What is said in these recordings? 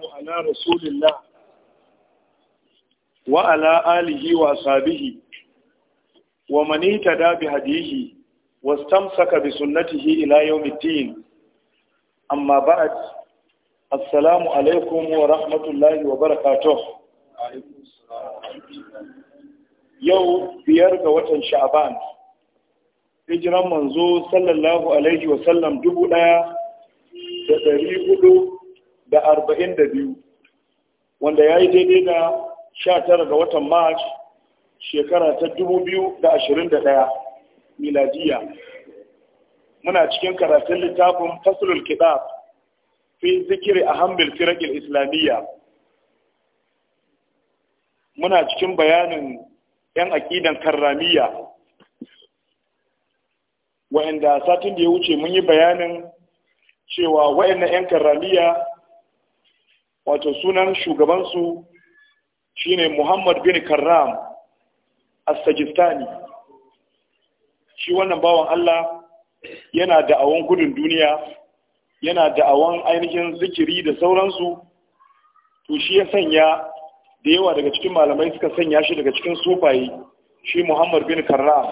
Wa'ala ala wa ala alihi wa sabihi wa manita da bi hadihi wa stamsaka bi sunnatihi ila yawmiddin amma ba'd assalamu alaikum wa rahmatullahi wa barakatuh yau biyar ga watan Sha'aban. hijiran manzo sallallahu alaihi wa sallam dubu daya da ɗari hudu da arba'in da biyu wanda ya yi daidai da sha tara ga watan march shekara ta dubu biyu da ashirin da ɗaya miladiya muna cikin karatun littafin fasulul kitab fi zikiri a hambil firakil islamiyya muna cikin bayanin 'yan aƙidan karramiya wa'anda satin da ya wuce mun yi bayanin cewa wa'annan 'yan karramiya wato sunan shugabansu shine Muhammad bin Karam As-Sajistani shi wannan bawan Allah yana da'awan gudun duniya yana da'awan ainihin zikiri da sauransu to shi ya sanya da yawa daga cikin malamai suka sanya shi daga cikin sufaye shi Muhammad bin Karam.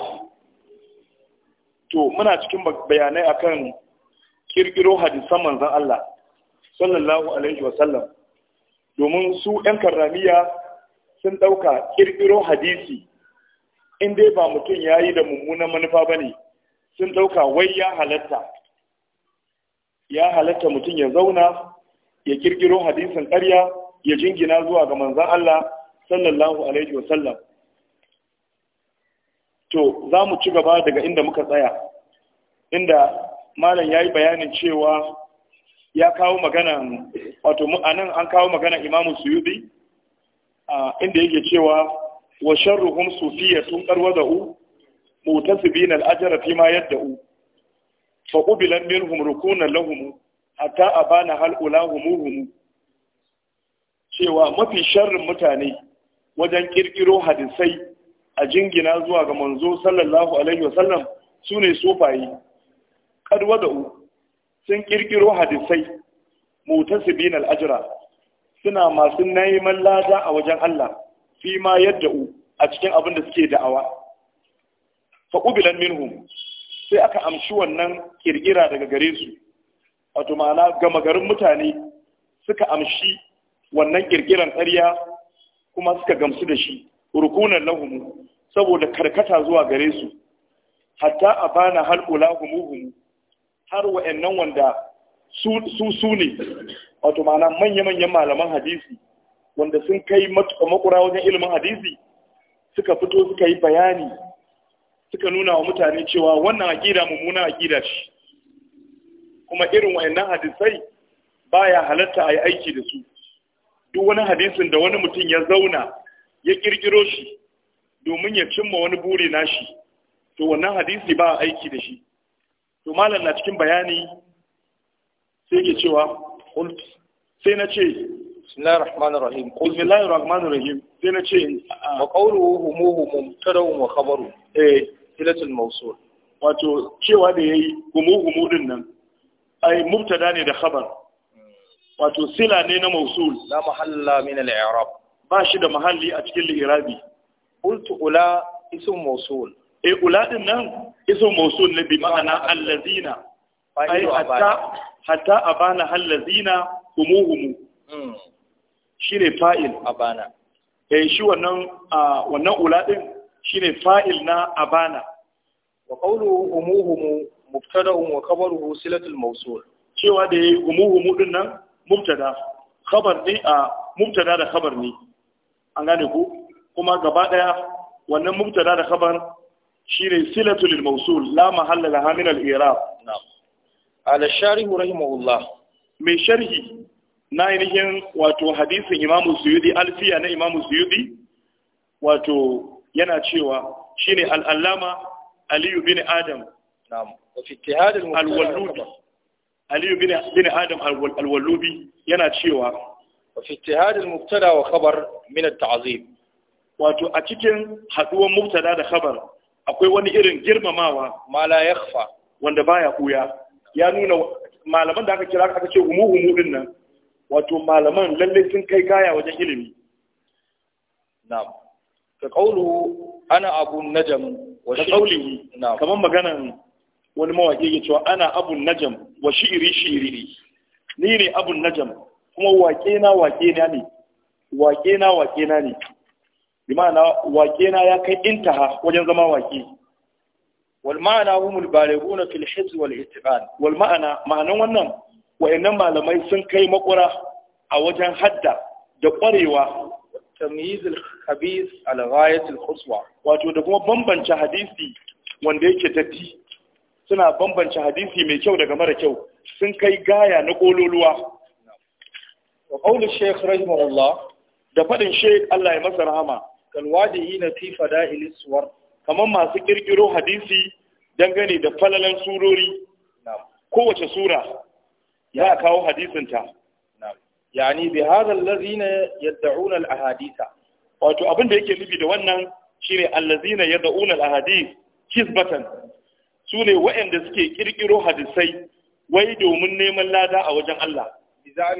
to muna cikin bayanai akan kirkiro hadisan manzon Allah sallallahu alaihi wa domin su 'yan karramiya sun ɗauka ƙirƙiro hadisi in dai ba mutum ya yi da mummunan manufa ba ne sun ɗauka wai ya halatta ya halatta mutum ya zauna ya ƙirƙiro hadisin ƙarya ya jingina zuwa ga manzan Allah sallallahu alaihi wasallam to za mu ci gaba daga inda muka tsaya inda malam ya yi bayanin cewa ya kawo magana wato anan an kawo magana imamu suyubi inda yake cewa wa sharruhum sufiyatun qarwada'u mutasibina al fi ma yad'u fa qubila minhum rukuna lahum hatta abana hal hum cewa mafi sharrin mutane wajen kirkiro hadisai a jingina zuwa ga manzo sallallahu alaihi wasallam sune sufayi u. sun kirkiro hadisai mutasibin al'ajira suna masu neman lada a wajen Allah fi ma yadda u a cikin abin da suke da'awa faƙubilan minhu minhum sai aka amshi wannan kirkira daga gare su a tumana gama garin mutane suka amshi wannan kirkiran ƙarya kuma suka gamsu da shi rukunan lahumu saboda karkata zuwa gare su hatta bana halqula humuhum har wa'annan wanda su su ne wato ma'ana manya-manyan malaman hadisi wanda sun kai matuƙa makura wajen ilimin hadisi suka fito suka yi bayani suka nuna wa mutane cewa wannan aƙida mummuna aƙida shi kuma irin wa'annan hadisai ba ya halatta a yi aiki da su duk wani hadisin da wani mutum ya zauna ya ƙirƙiro shi domin ya cimma wani buri nashi to wannan hadisi ba aiki da shi to malam na cikin bayani sai ke cewa qult sai na ce bismillahir rahmanir rahim qul bismillahir rahim sai na ce wa qawluhu humuhu mubtada'un wa khabaru eh silatul mawsul wato cewa da yayi humuhu din nan ai mubtada ne da khabar wato sila ne na mawsul la mahalla min al-i'rab ba shi da mahalli a cikin li'irabi qultu ula ism mawsul e eh, uladin nan iso mausul ne bi ma'ana allazina ai hatta hatta abana allazina humuhumu hmm. shine fa'il abana eh shi wannan wannan uladin shine fa'il na abana wa qawlu humuhumu Mubtada wa khabaruhu silatul mawsul cewa da yayi humuhumu din nan mubtada khabar ne a mubtada da khabar ne an gane ku kuma gaba daya wannan mubtada da khabar shine silatu lil mawsul la mahalla laha min al i'rab na'am ala sharih rahimahullah mai sharhi na ainihin wato hadisin imam suyudi alfiya na imam suyudi wato yana cewa shine al-allama ali bin adam na'am wa fi ittihad al-walubi ali bin adam al-walubi yana cewa wa fi ittihad al-mubtada wa khabar min at-ta'zim wato a cikin haduwan mubtada da khabar akwai wani irin girmamawa ma la yakhfa wanda baya kuya ya nuna malaman da aka kira aka ce umu umu din nan wato malaman lalle sun kai gaya wajen ilimi na'am ka qawlu ana abu najam wa qawlihi kamar maganan wani mawaƙi ya cewa ana abu najam wa iri shi'iri ni ne abu najam kuma waƙe na waƙe na ne waƙe na waƙe na ne bi wake na ya kai intaha wajen zama wake wal ma'ana humul balighuna fil hizb wal istiqan wal ma'ana ma'anan wannan wayannan malamai sun kai makura a wajen hadda da ƙwarewa, tamyiz al khabith ala ghayat al wato da kuma bambance hadisi wanda yake datti suna bambance hadisi mai kyau daga mara kyau sun kai gaya na kololuwa wa qawl shaykh rahimahullah da faɗin shaykh Allah ya masa rahama kalwadihi na fifa fada'il suwar kamar masu kirkiro hadisi dangane da falalan surori kowace sura ya kawo hadisinta yani bi hadha allazina yad'una al-ahaditha wato abin da yake nufi da wannan shine allazina yad'una al-ahadith kisbatan sune waɗanda suke kirkiro hadisai wai domin neman lada a wajen Allah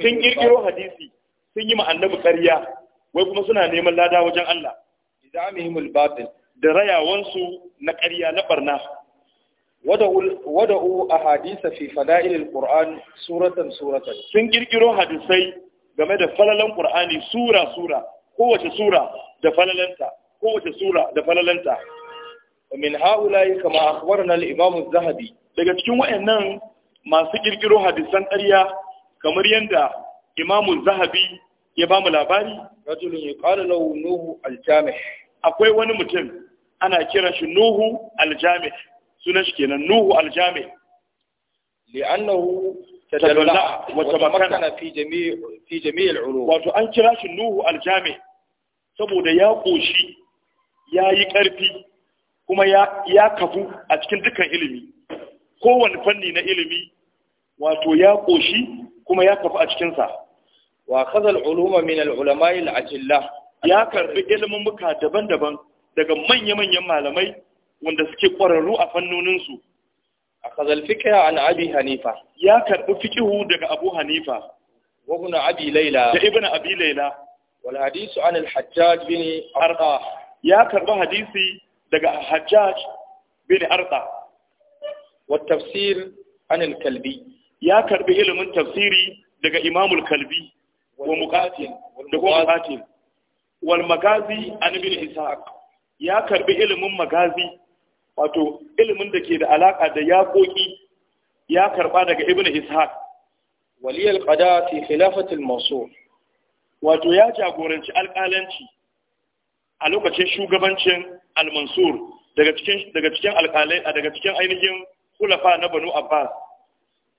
sun kirkiro hadisi sun yi ma annabi ƙarya wai kuma suna neman lada wajen Allah izamihimul batil da rayawansu na ƙarya na barna wada'u a hadisa fi fada'ilil qur'an suratan suratan sun kirkiro hadisai game da falalan qur'ani sura sura kowace sura da falalanta kowace sura da falalanta min ha'ula'i kama akhbarana al-imam az-zahabi daga cikin wayannan masu kirkiro hadisan ƙarya kamar yanda imam az-zahabi ya ba mu labari rajulun yuqalu lahu nuhu aljami akwai wani mutum ana kiran shi nuhu aljami sunan shi kenan nuhu aljami li'annahu tadalla wata makana fi jami' fi jami' al'ulum wato an kira shi nuhu aljami saboda ya koshi ya yi karfi kuma ya ya kafu a cikin dukkan ilimi kowane fanni na ilimi wato ya koshi kuma ya kafu a cikinsa wa akhadha al-uluma min al-ulama ya karbi ilimin muka daban-daban daga manya-manyan malamai wanda suke kwararru a fannonin su akhadha al-fiqha an abi hanifa ya karbi fiqhu daga abu hanifa wa ibn abi layla da ibn abi layla wal hadithu an al-hajjaj bin arqa ya karbi hadisi daga hajjaj bin arqa wa tafsir an al-kalbi ya karbi ilimin tafsiri daga imamul kalbi wa muqatil da wal magazi an ibn ishaq ya karbi ilimin magazi wato ilimin da ke da alaka da yaƙoƙi ya karɓa daga ibn ishaq waliyal qada fi khilafati mansur wato ya jagoranci alƙalanci a lokacin shugabancin al mansur daga cikin daga cikin alƙalai daga cikin ainihin khulafa na banu abbas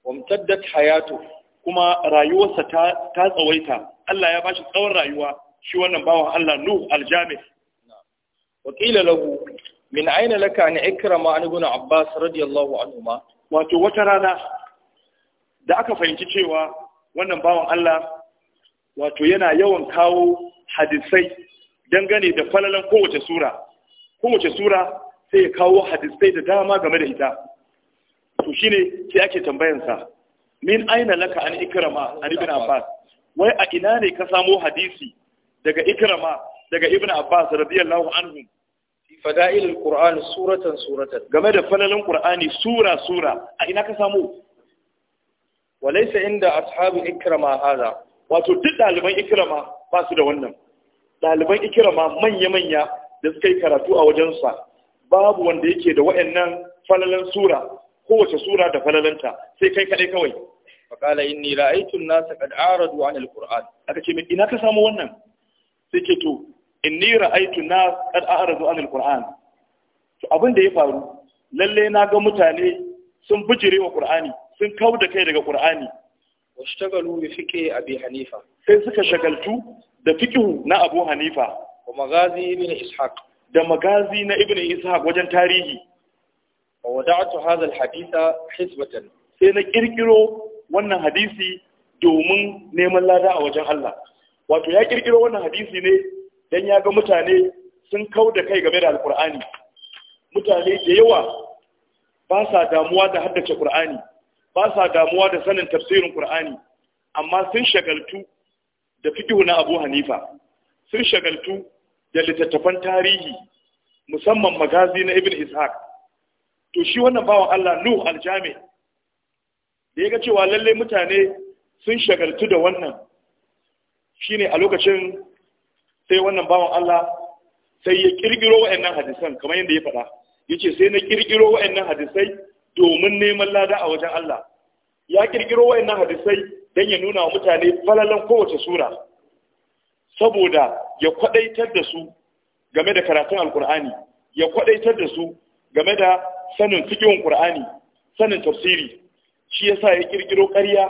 wamtaddat hayatu kuma rayuwarsa ta tsawaita Allah ya ba shi tsawon rayuwa shi wannan bawan Allah Nu al wa lahu min aina laka an ikrama an ibn Abbas radiyallahu anhu ma. wato wata rana da aka fahimci cewa wannan bawan Allah wato yana yawan kawo hadisai dangane da falalan kowace sura kowace sura sai ya kawo hadisai da dama game da ita to shine sai ake tambayansa min aina laka an ikrama an ibn abbas wai a ina ne ka samo hadisi daga ikrama daga ibn abbas radiyallahu anhu fi fada'il alquran suratan suratan game da falalan qur'ani sura sura a ina ka samo walaysa inda ashabu ikrama hada wato duk daliban ikrama ba su da wannan daliban ikrama manya manya da suka yi karatu a wajensa babu wanda yake da wa'annan falalan sura kowace sura da falalanta sai kai kaɗai kawai faƙala inni ra'aytun nasa qad aradu an alquran aka ce ina ka samu wannan sai ke to in inni ra'aytun nas qad aradu an alquran to abin da ya faru lalle na ga mutane sun bijire wa qur'ani sun kau da kai daga qur'ani washtagalu bi fiqhi abi hanifa sai suka shagaltu da fiqhu na abu hanifa wa magazi ibn ishaq da magazi na ibn ishaq wajen tarihi wa wada'tu hadha alhaditha hizbatan sai na kirkiro wannan hadisi domin neman lada a wajen Allah wato ya kirkiro wannan hadisi ne don ya ga mutane sun kau da kai game da alkur'ani mutane da yawa ba sa damuwa da haddace qur'ani ba sa damuwa da sanin tafsirin ƙur'ani. amma sun shagaltu da fiqhu na Abu Hanifa sun shagaltu da littattafan tarihi musamman magazi na Ibn Ishaq to shi wannan bawan Allah Nuh al-Jami' da ya ga cewa lallai mutane sun shagaltu da wannan shi ne a lokacin sai wannan bawan Allah sai ya kirkiro wa'annan hadisan kamar yadda ya faɗa Ya ce sai na kirkiro wa'annan hadisai domin neman lada a wajen Allah ya kirkiro wa'annan hadisai don ya nuna wa mutane falalan kowace sura saboda ya kwaɗaitar da su game da karatun alkur'ani ya kwaɗaitar da su game da sanin cikin ƙur'ani, sanin tafsiri shi yasa ya kirkiro ƙarya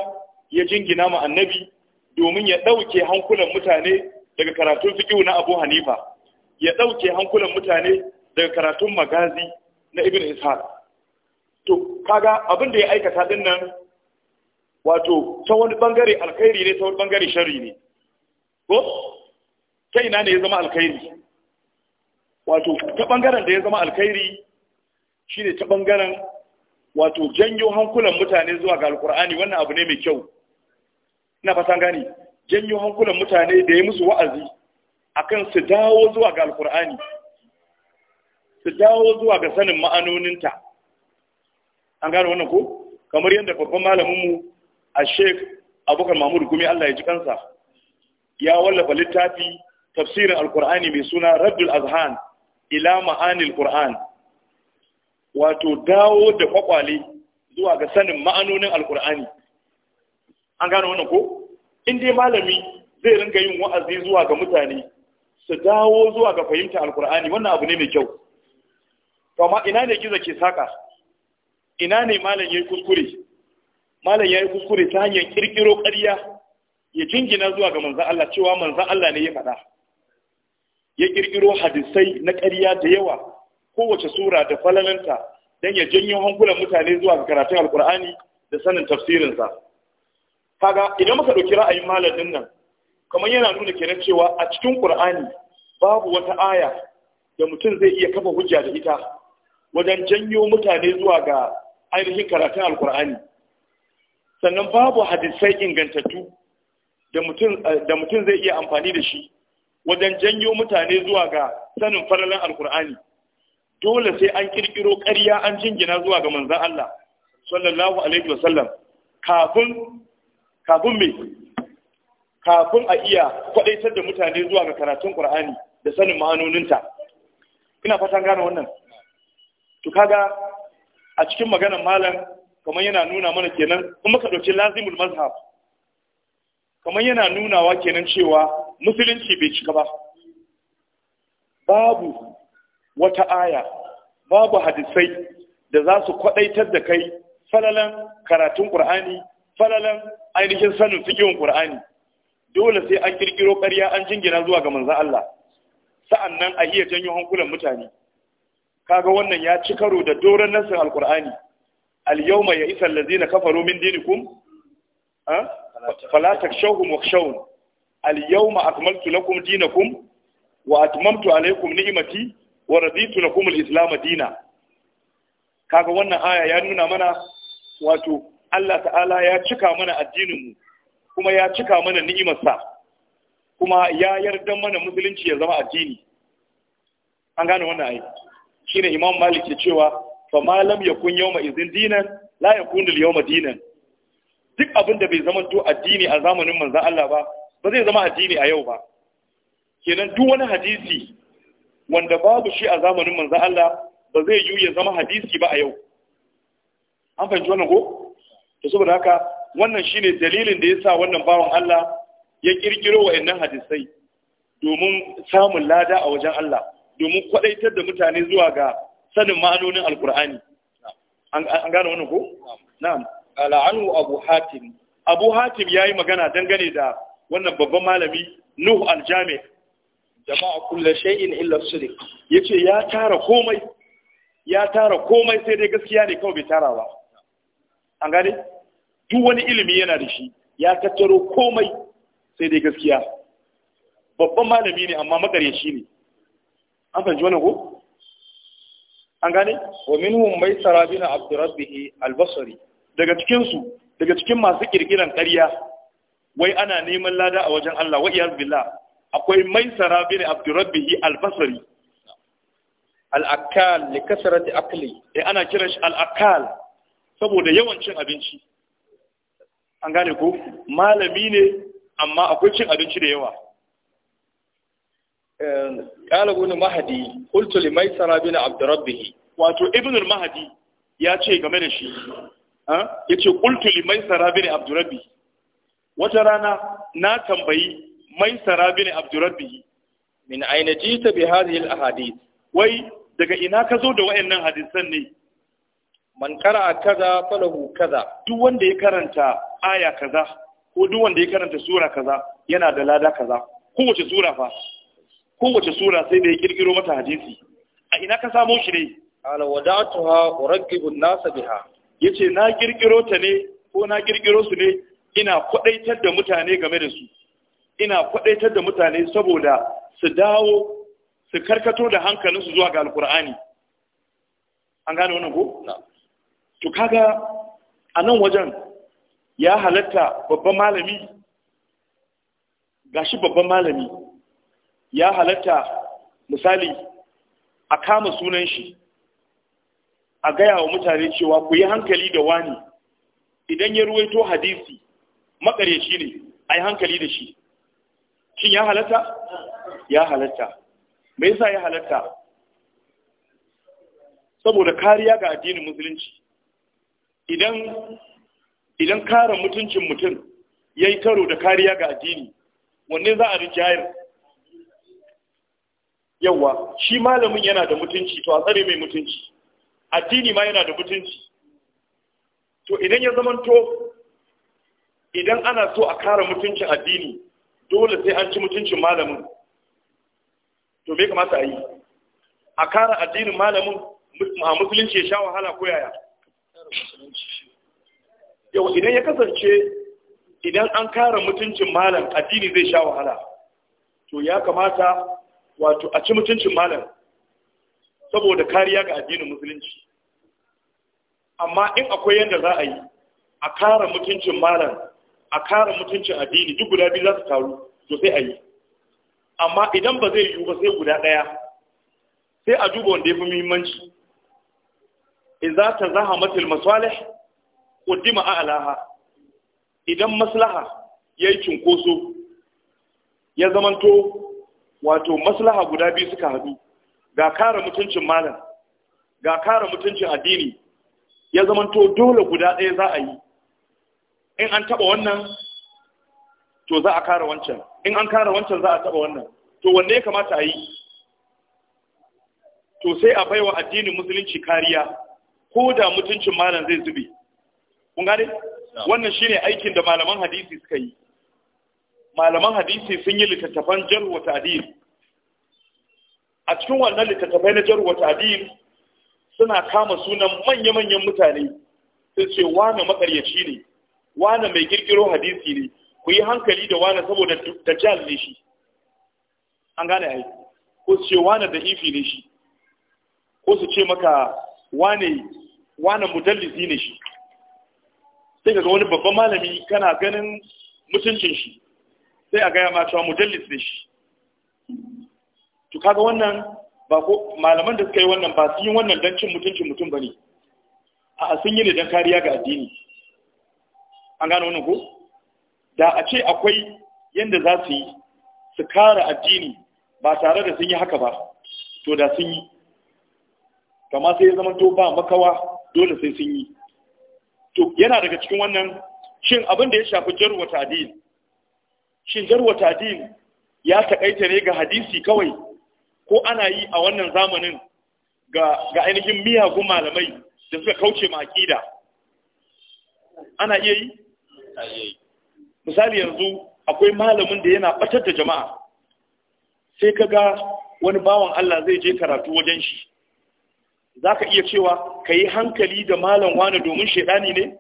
ya jingina ma annabi domin ya ɗauke hankulan mutane daga karatun fiqh na Abu Hanifa ya ɗauke hankulan mutane daga karatun magazi na Ibn Ishaq to kaga abin da ya aikata din nan wato ta wani bangare alkhairi ne ta wani bangare sharri ne ko ta ina ne ya zama alkhairi wato ta bangaren da ya zama alkhairi shine ta bangaren wato janyo hankulan mutane zuwa ga alkur'ani wannan abu ne mai kyau ina fatan gani janyo hankulan mutane da ya musu wa'azi akan su dawo zuwa ga alkur'ani su dawo zuwa ga sanin ma'anoninta an gano wannan ko kamar yadda babban malaminmu a sheik abokan mahmud gumi allah ya ji kansa ya wallafa littafi tafsirin alkur'ani mai suna rabbul azhan ila ma'anil qur'an wato dawo da kwakwale zuwa ga sanin ma'anonin alkur'ani an gane wannan ko in dai malami zai ringa yin wa'azi zuwa ga mutane su dawo zuwa ga fahimta alkur'ani wannan abu ne mai kyau amma ina ne gizo ke saka ina ne malam yayi kuskure malam yayi kuskure ta hanyar kirkiro ƙarya ya jingina zuwa ga manzon Allah cewa manzon Allah ne ya faɗa ya kirkiro hadisai na ƙarya da yawa kowace sura da falalanta Dan ya janyo hankulan mutane zuwa ga karatun alkur'ani da sanin tafsirinsa kaga idan muka ɗauki ra'ayin malamin nan kamar yana nuna kenan cewa a cikin qur'ani babu wata aya da mutum zai iya kafa hujja da ita wajen janyo mutane zuwa ga ainihin karatun alkur'ani sannan babu hadisai ingantattu da mutum zai iya amfani da shi wajen janyo mutane zuwa ga sanin farallan alkur'ani dole sai an kirkiro ƙarya an jingina zuwa ga manzan Allah sallallahu alaihi wasallam kafin kafin kafin a iya kwadaitar da mutane zuwa ga karatun Qur'ani da sanin ma'anoninta ina fatan gane wannan to kaga a cikin maganar malam kamar yana nuna mana kenan kuma ka dauki lazimul mazhab kamar yana nunawa kenan cewa musulunci bai cika ba babu wata aya babu hadisai da za su kwadaitar da kai falalan karatun qur'ani falalan ainihin sanin fikiyon qur'ani dole sai an ƙirƙiro ƙarya an jingina zuwa ga manzon Allah sa'annan a iya janyo hankulan mutane kaga wannan ya ci karo da doron nasin alqur'ani al-yawma ya'isa allazina kafaru min dinikum fala takshawhum wakhshawun al-yawma akmaltu lakum dinakum wa atmamtu alaykum ni'mati wa raditu lakum al-islam dina kaga wannan aya ya nuna mana wato Allah ta'ala ya cika mana addinin mu kuma ya cika mana ni'imarsa kuma ya yarda mana musulunci ya zama addini an gane wannan ayi shine imam malik ya cewa fa ma lam yakun yawma izin dinan la yakun al yawma dinan duk abin da bai zama to addini a zamanin manzon Allah ba ba zai zama addini a yau ba kenan duk wani hadisi wanda babu shi a zamanin manzo Allah ba zai yiwu ya zama hadisi ba a yau an fahimci wannan ko to saboda haka wannan shine dalilin da yasa wannan bawan Allah ya kirkiro wa'annan hadisai domin samun lada a wajen Allah domin kwadaitar da mutane zuwa ga sanin ma'anonin alkur'ani an gane wannan ko na'am al'anu abu hatim abu hatim yayi magana dangane da wannan babban malami nuh al-jami' jama'a kulle shay'in illa ya ce ya tara komai ya tara komai sai dai gaskiya ne kawai bai tara ba an gane duk wani ilimi yana da shi ya tattaro komai sai dai gaskiya babban malami ne amma magaryaci ne an fahimci wannan ko an gane wa minhum mai sarabina abdurrabbihi albasari daga cikin su daga cikin masu kirkiran ƙarya wai ana neman lada a wajen Allah wa iyaz billah akwai maisara bin yi albasari al'akal kasarar da akali eh ana kiran shi al'akal saboda yawan cin abinci an gane ko malami ne amma akwai cin abinci da yawa eh, qala ibn mahdi qultu ne maisara bin abdurrabbihi wato ibn mahadi mahdi ya ce game da shi ya ce qultu li maisara bin abdurrabbihi wata rana na tambayi maisara bin abdurrabi min aina jita bi hadhihi al-ahadith wai daga ina ka zo da wayannan hadisan ne man a kaza falahu kaza duk wanda ya karanta aya kaza ko duk wanda ya karanta sura kaza yana da lada kaza kowace sura fa kowace sura sai da ya kirkiro mata hadisi a ina ka samo shi ne ala wada'tuha uraqibu an-nas biha yace na kirkiro ta ne ko na kirkiro su ne ina kwadaitar da mutane game da su ina faɗaitar da mutane saboda su dawo su karkato da hankalinsu zuwa ga alkur'ani an gane wannan ko to kaga a nan wajen ya halatta babban malami gashi babban malami ya halatta misali a kama sunan shi a gaya wa mutane cewa ku yi hankali da wani idan ya ruwaito hadisi shi ne a yi hankali da shi shin ya halatta ya halatta me yasa ya halatta saboda kariya ga addinin musulunci idan idan kare mutuncin mutum ya yi karo da kariya ga addini wanne za a rijayar yawa shi malamin yana da mutunci to a tsare mai mutunci addini ma yana da mutunci to idan ya zamanto idan ana so a kare mutuncin addini dole sai an ci mutuncin malamin to me kamata a yi a kara addinin malamin a musulunci ya sha wahala ko yaya yau idan ya kasance idan an kara mutuncin malam addini zai sha wahala to ya kamata wato a ci mutuncin malam saboda kariya ga addinin musulunci amma in akwai yadda za a yi a kara mutuncin malam a kara mutuncin addini duk guda biyu za su taru to sai a yi amma idan ba zai yiwu ba sai guda ɗaya sai a duba wanda ya fi muhimmanci In za ta idza tazahamatil masalih a a'laha idan maslaha ya yi cinkoso ya zamanto wato maslaha guda biyu suka haɗu ga kare mutuncin malam ga kare mutuncin addini ya zamanto dole guda ɗaya za a yi in an taɓa wannan to za a kare wancan in an kare wancan za a taba wannan to wanne ya kamata a yi to sai a baiwa addinin musulunci kariya ko da mutuncin malam zai zube kun gane wannan shine aikin da malaman hadisi suka yi malaman hadisi sun yi littattafan jarh wa ta'dil a cikin wannan littattafai na jarh wa ta'dil suna kama sunan manya-manyan mutane sun ce wane makaryaci ne wane mai girgiro hadisi ne ku yi hankali da wane saboda dajjal ne shi an gane ai ko su ce wane da ifi ne shi ko su ce maka wane wani mudallisi ne shi sai ka ga wani babban malami kana ganin mutuncin shi sai a gaya ma cewa mudallis ne shi to kaga wannan ba ko malaman da suka yi wannan ba su yi wannan don cin mutuncin mutum ne. a sun yi ne don kariya ga addini an gane wannan ko da a ce akwai yadda za su yi su kara addini ba tare da sun yi haka ba to da sun yi kama sai ya zama to ba makawa dole sai sun yi to yana daga cikin wannan shin abin da ya shafi jarwa ta'dil shin jarwa ta'dil ya takaita ne ga hadisi kawai ko ana yi a wannan zamanin ga ga ainihin miyagun malamai da suka kauce iya yi? ana iya yi misali yanzu akwai malamin da yana batar da jama'a sai ka ga wani bawan Allah zai je karatu wajen shi za ka iya cewa ka yi hankali da malam wani domin shaidani ne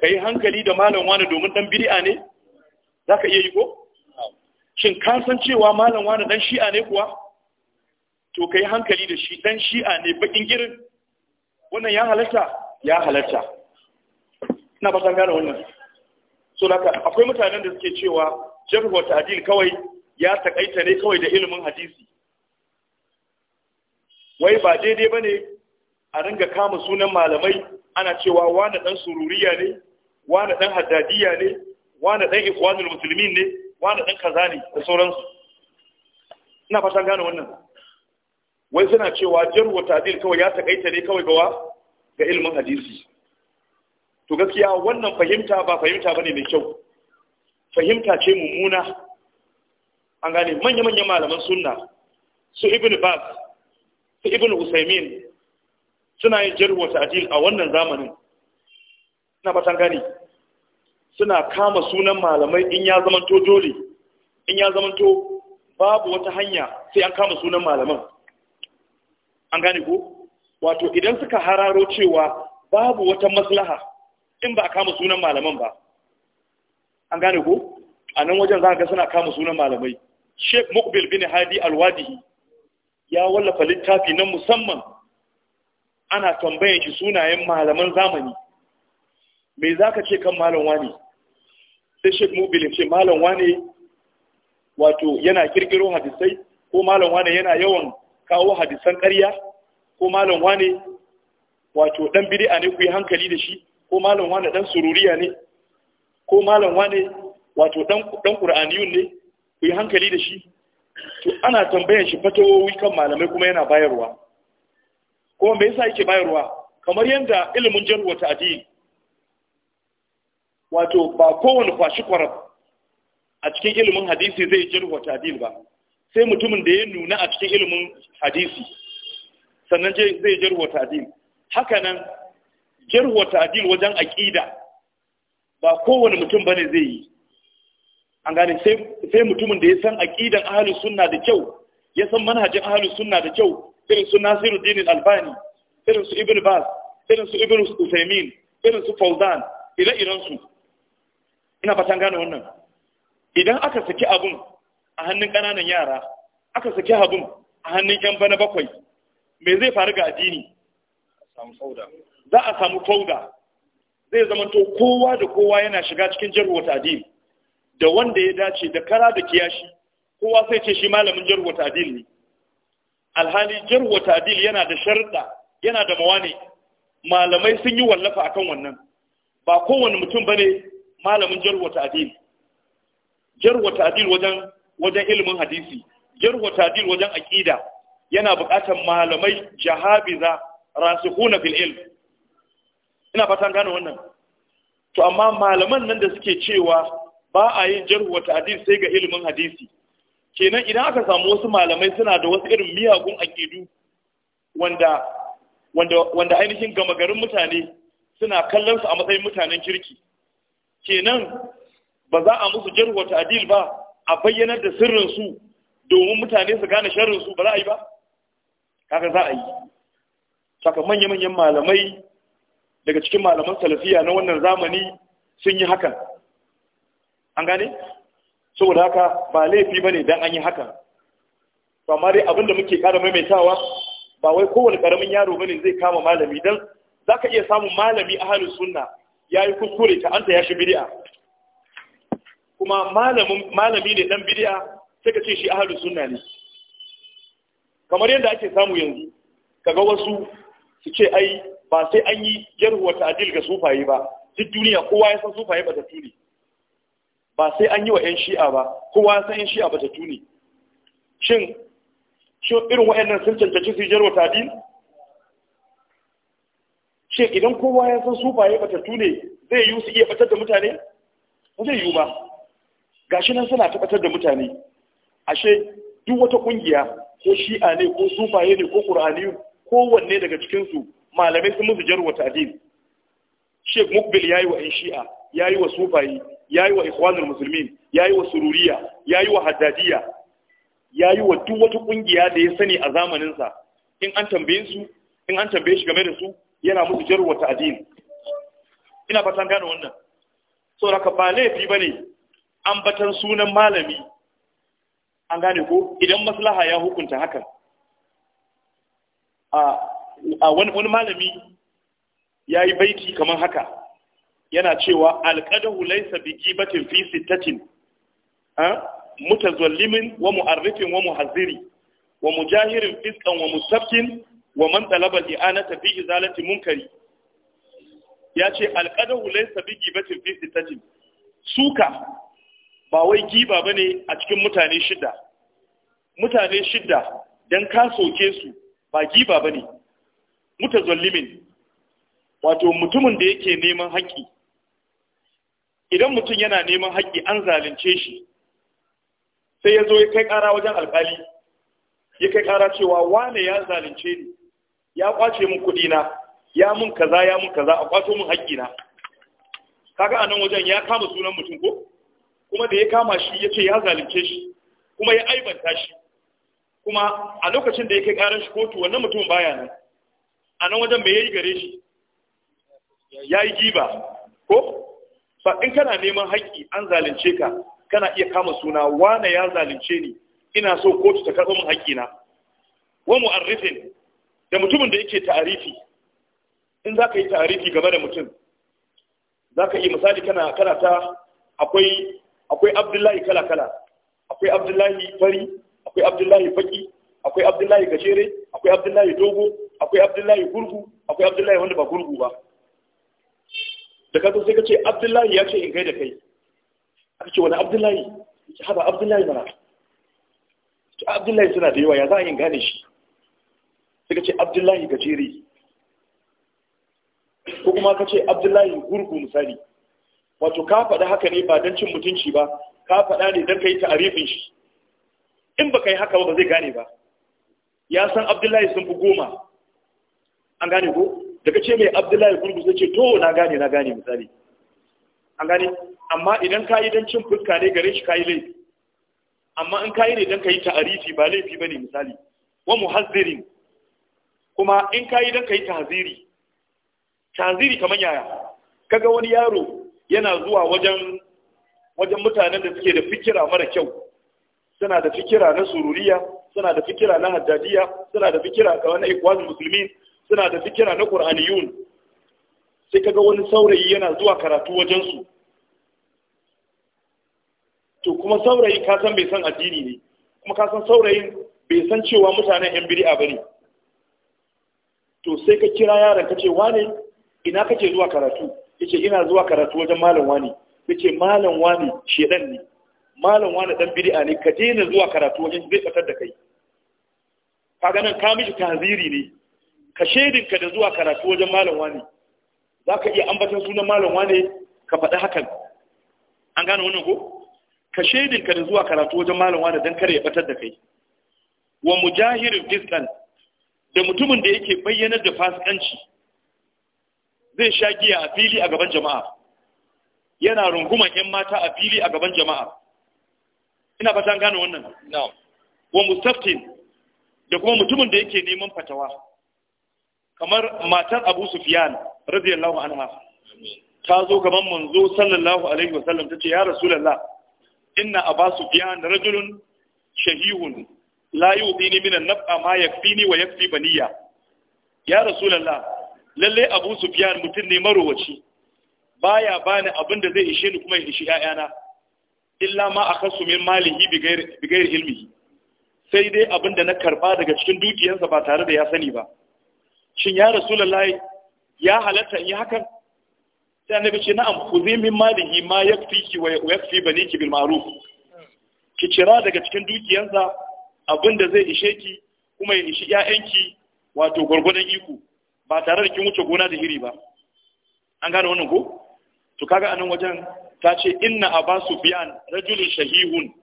ka yi hankali da malam wani domin dan biri'a ne za ka iya yi ko shin ka san cewa malam wani dan shi'a ne kuwa to ka yi hankali da shi dan shi'a ne bakin girin wannan ya halatta ya halatta ina ba san gane wannan so akwai mutanen da suke cewa jarh wa ta'dil kawai ya takaita ne kawai da ilimin hadisi wai ba daidai bane a ringa kama sunan malamai ana cewa wani dan sururiya ne wani dan haddadiya ne wani dan ikwanul muslimin ne wani dan kaza ne da sauransu ina fatan gane wannan wai suna cewa jarh wa ta'dil kawai ya takaita ne kawai ga ilimin hadisi to gaskiya wannan fahimta ba fahimta bane mai kyau fahimta ce mummuna an gane manya-manyan malaman sunna su ibn bas su ibn usaimin suna yin jarwa ta'adil a wannan zamanin na batan gane suna kama sunan malamai in ya zamanto dole in ya zamanto babu wata hanya sai an kama sunan malaman an gane ko wato idan suka hararo cewa babu wata maslaha in ba a kama sunan malaman ba an gane ko a nan wajen za ga suna kama sunan malamai sheik mukbil bin hadi alwadihi ya wallafa littafi na musamman ana tambayan shi sunayen malaman zamani me za ka ce kan malam wane sai sheik mukbil ce malam wane wato yana kirkiro hadisai ko malam wane yana yawan kawo hadisan ƙarya ko malam wane wato dan bid'a ne ku yi hankali da shi ko malam wane dan sururiya ne ko malam wane wato dan qur'aniyun ne ku yi hankali da shi to ana tambayan shi fatawowi kan malamai kuma yana bayarwa kuma me yasa yake bayarwa kamar yadda ilimin jarwa ta addini wato ba kowane kwashi kwarab a cikin ilimin hadisi zai jarwa ta addini ba sai mutumin da ya nuna a cikin ilimin hadisi sannan zai jarwa ta addini haka nan jarwa ta'dil wajen aqida ba kowane mutum bane zai yi an gane sai mutumin da ya san aqidan ahlus sunna da kyau ya san manhajin ahlus sunna da kyau irin su Nasiruddin Albani irin su Ibn Baz irin su Ibn Uthaymeen irin su Fawzan ire-iren su ina fatan gane wannan idan aka saki abun a hannun ƙananan yara aka saki abun a hannun yan bana bakwai me zai faru ga addini samu sauda za a samu tauda zai zama to kowa da kowa yana shiga cikin jarwa adini da wanda ya dace da kara da kiyashi kowa sai ce shi malamin jarwa ta'dil ne alhali jarwa adini yana da sharda yana da mawani malamai sun yi wallafa akan wannan ba kowane mutum bane malamin jarwa adini jarwa ta'dil wajen wajen ilimin hadisi jarwa adini wajen aqida yana buƙatar malamai jahabiza rasikhuna fil ilm ina fatan gane wannan to amma malaman nan da suke cewa ba a yin jarhu wa ta'dil sai ga ilimin hadisi kenan idan aka samu wasu malamai suna da wasu irin miyagun akidu wanda wanda wanda ainihin gama garin mutane suna kallon su a matsayin mutanen kirki kenan ba za a musu jarhu wa ta'dil ba a bayyanar da sirrin su domin mutane su gane sharrin su ba za a yi ba kaga za a yi saka manya-manyan malamai daga cikin malaman salafiya na wannan zamani sun yi hakan an gane saboda haka ba laifi bane dan an yi hakan to amma dai abinda muke ƙara maimaitawa ba wai kowane karamin yaro bane zai kama malami dan zaka iya samun malami ahlus sunna yayi kuskure ta anta ya shi bid'a kuma malamin malami ne dan bid'a sai ka ce shi ahlus sunna ne kamar yadda ake samu yanzu kaga wasu su ce ai ba sai an yi jarhu wa ta'dil ga sufaye ba duk duniya kowa ya san sufaye ba ta tuni ba sai an yi wa yan shi'a ba kowa ya san yan shi'a ba ta tuni shin shi irin wayannan sun cancanci su jarhu wa ta'dil shi idan kowa ya san sufaye ba ta tuni zai yi su iya batar da mutane ba zai yi ba gashi nan suna tabbatar da mutane ashe duk wata kungiya ko shi'a ne ko sufaye ne ko qur'aniyu kowanne daga cikinsu malamai sun musu jarwa ta'dil shek Mukbil yayi wa 'yan Shi'a yayi wa Sufayi yayi wa Ikhwanul Muslimin yayi wa Sururiya yayi wa Haddadiya yayi wa duk wata kungiya da ya sani a zamanin sa in an tambaye su in an tambaye shi game da su yana musu jarwa ta'dil ina fatan gane wannan saboda ba laifi bane ambatan sunan malami an gane ko idan maslaha ya hukunta hakan a wani malami ya yi baiti kamar haka yana cewa alƙadahu laisa bi gibatin fi sittatin mutazallimin wa mu'arrifin wa muhazziri wa mujahirin fiskan wa mustafkin wa man talaba i'anata fi izalati munkari ya ce alƙadahu laisa bi gibatin fi sittatin suka ba wai giba bane a cikin mutane shida mutane shida dan ka soke su ba giba ba ne mutazallimin wato mutumin da yake neman haƙƙi idan mutum yana neman haƙƙi an zalunce shi sai ya zo ya kai ƙara wajen alƙali ya kai ƙara cewa wane ya zalunce ni ya ƙwace min kuɗina ya mun kaza ya mun kaza a ƙwato min haƙƙina kaga a nan wajen ya kama sunan mutum ko kuma da ya kama shi ya ce ya zalunce shi kuma ya aibanta shi kuma a lokacin da ya kai karar shi kotu wannan mutum baya nan a nan wajen mai yayi gare shi ya yi giba ko in kana neman haƙƙi an zalunce ka kana iya kama suna wane ya zalunce ni ina so kotu ta karɓo min haƙƙina wa mu'arrifin da mutumin da yake ta'arifi in za ka yi ta'arifi game da mutum za yi misali kana kana ta akwai akwai abdullahi kala kala akwai abdullahi fari akwai abdullahi faki akwai abdullahi gajere akwai abdullahi dogo akwai abdullahi gurgu akwai abdullahi wanda ba gurgu ba da ka sai ka ce abdullahi ya ce in kai da kai aka ce wani abdullahi ya haɗa abdullahi mana ce abdullahi suna da yawa ya za a yin gane shi sai ka ce abdullahi gajere ko kuma ka ce abdullahi gurgu misali wato ka faɗa haka ne ba don cin mutunci ba ka faɗa ne don ka yi arifin shi in baka yi haka ba zai gane ba ya san abdullahi sun fi goma an gane ko daga ce mai abdullahi gurgu sai ce to na gane na gane misali an gane amma idan ka yi don cin fuska ne gare shi ka yi laifi amma in ka yi ne don ka yi ta'arifi ba laifi ba ne misali wa muhazzirin kuma in ka yi don ka yi tahziri tahziri kamar yaya kaga wani yaro yana zuwa wajen wajen mutanen da suke da fikira mara kyau suna da fikira na sururiya suna da fikira na hajjajiya suna da fikira ga wani ikwazin musulmi suna da fikira na qur'aniyun sai kaga wani saurayi yana zuwa karatu wajen su to kuma saurayi ka san bai san addini ne kuma ka san saurayin bai san cewa mutanen yan bid'a bane to sai ka kira yaron ka ce wane ina kake zuwa karatu yace ina zuwa karatu wajen malam wani yace malam wani shedan ne malam wani dan bid'a ne ka daina zuwa karatu wajen zai fatar da kai ka ganin ka miji taziri ne ka shedin ka da zuwa karatu wajen malam wani zaka iya ambaton sunan malam wani ka faɗi hakan an gane wannan ko ka shedin ka da zuwa karatu wajen malam wani dan kare ya fatar da kai wa mujahirin fiskan da mutumin da yake bayyanar da fasikanci zai sha giya a fili a gaban jama'a yana runguma 'yan mata a fili a gaban jama'a ina fatan gane wannan wa mustaftin da kuma mutumin da yake neman fatawa kamar matar Abu Sufyan radiyallahu anha ta zo gaban manzo sallallahu alaihi wasallam tace ya rasulullah inna Abu Sufyan rajulun shahihun la yudini min an-nafqa ma yakfini wa yakfi baniya ya rasulullah lalle Abu Sufyan mutum ne marowaci baya bani abinda zai ishe ni kuma ya ishi ƴaƴana illa ma a kasu min malihi bi ilmi sai dai abin da na karba daga cikin dukiyarsa ba tare da ya sani ba shin ya rasulullahi ya halatta in yi hakan sai annabi ce na'am khuzi min malihi ma ya ki wa yakfi ki bil ma'ruf ki cira daga cikin dukiyarsa abin da zai ishe ki kuma ya ishi 'ya'yanki, wato gwargwadon iko ba tare da kin wuce gona da hiri ba an gane wannan ko to kaga anan wajen ta ce inna abu sufyan rajulun shahihun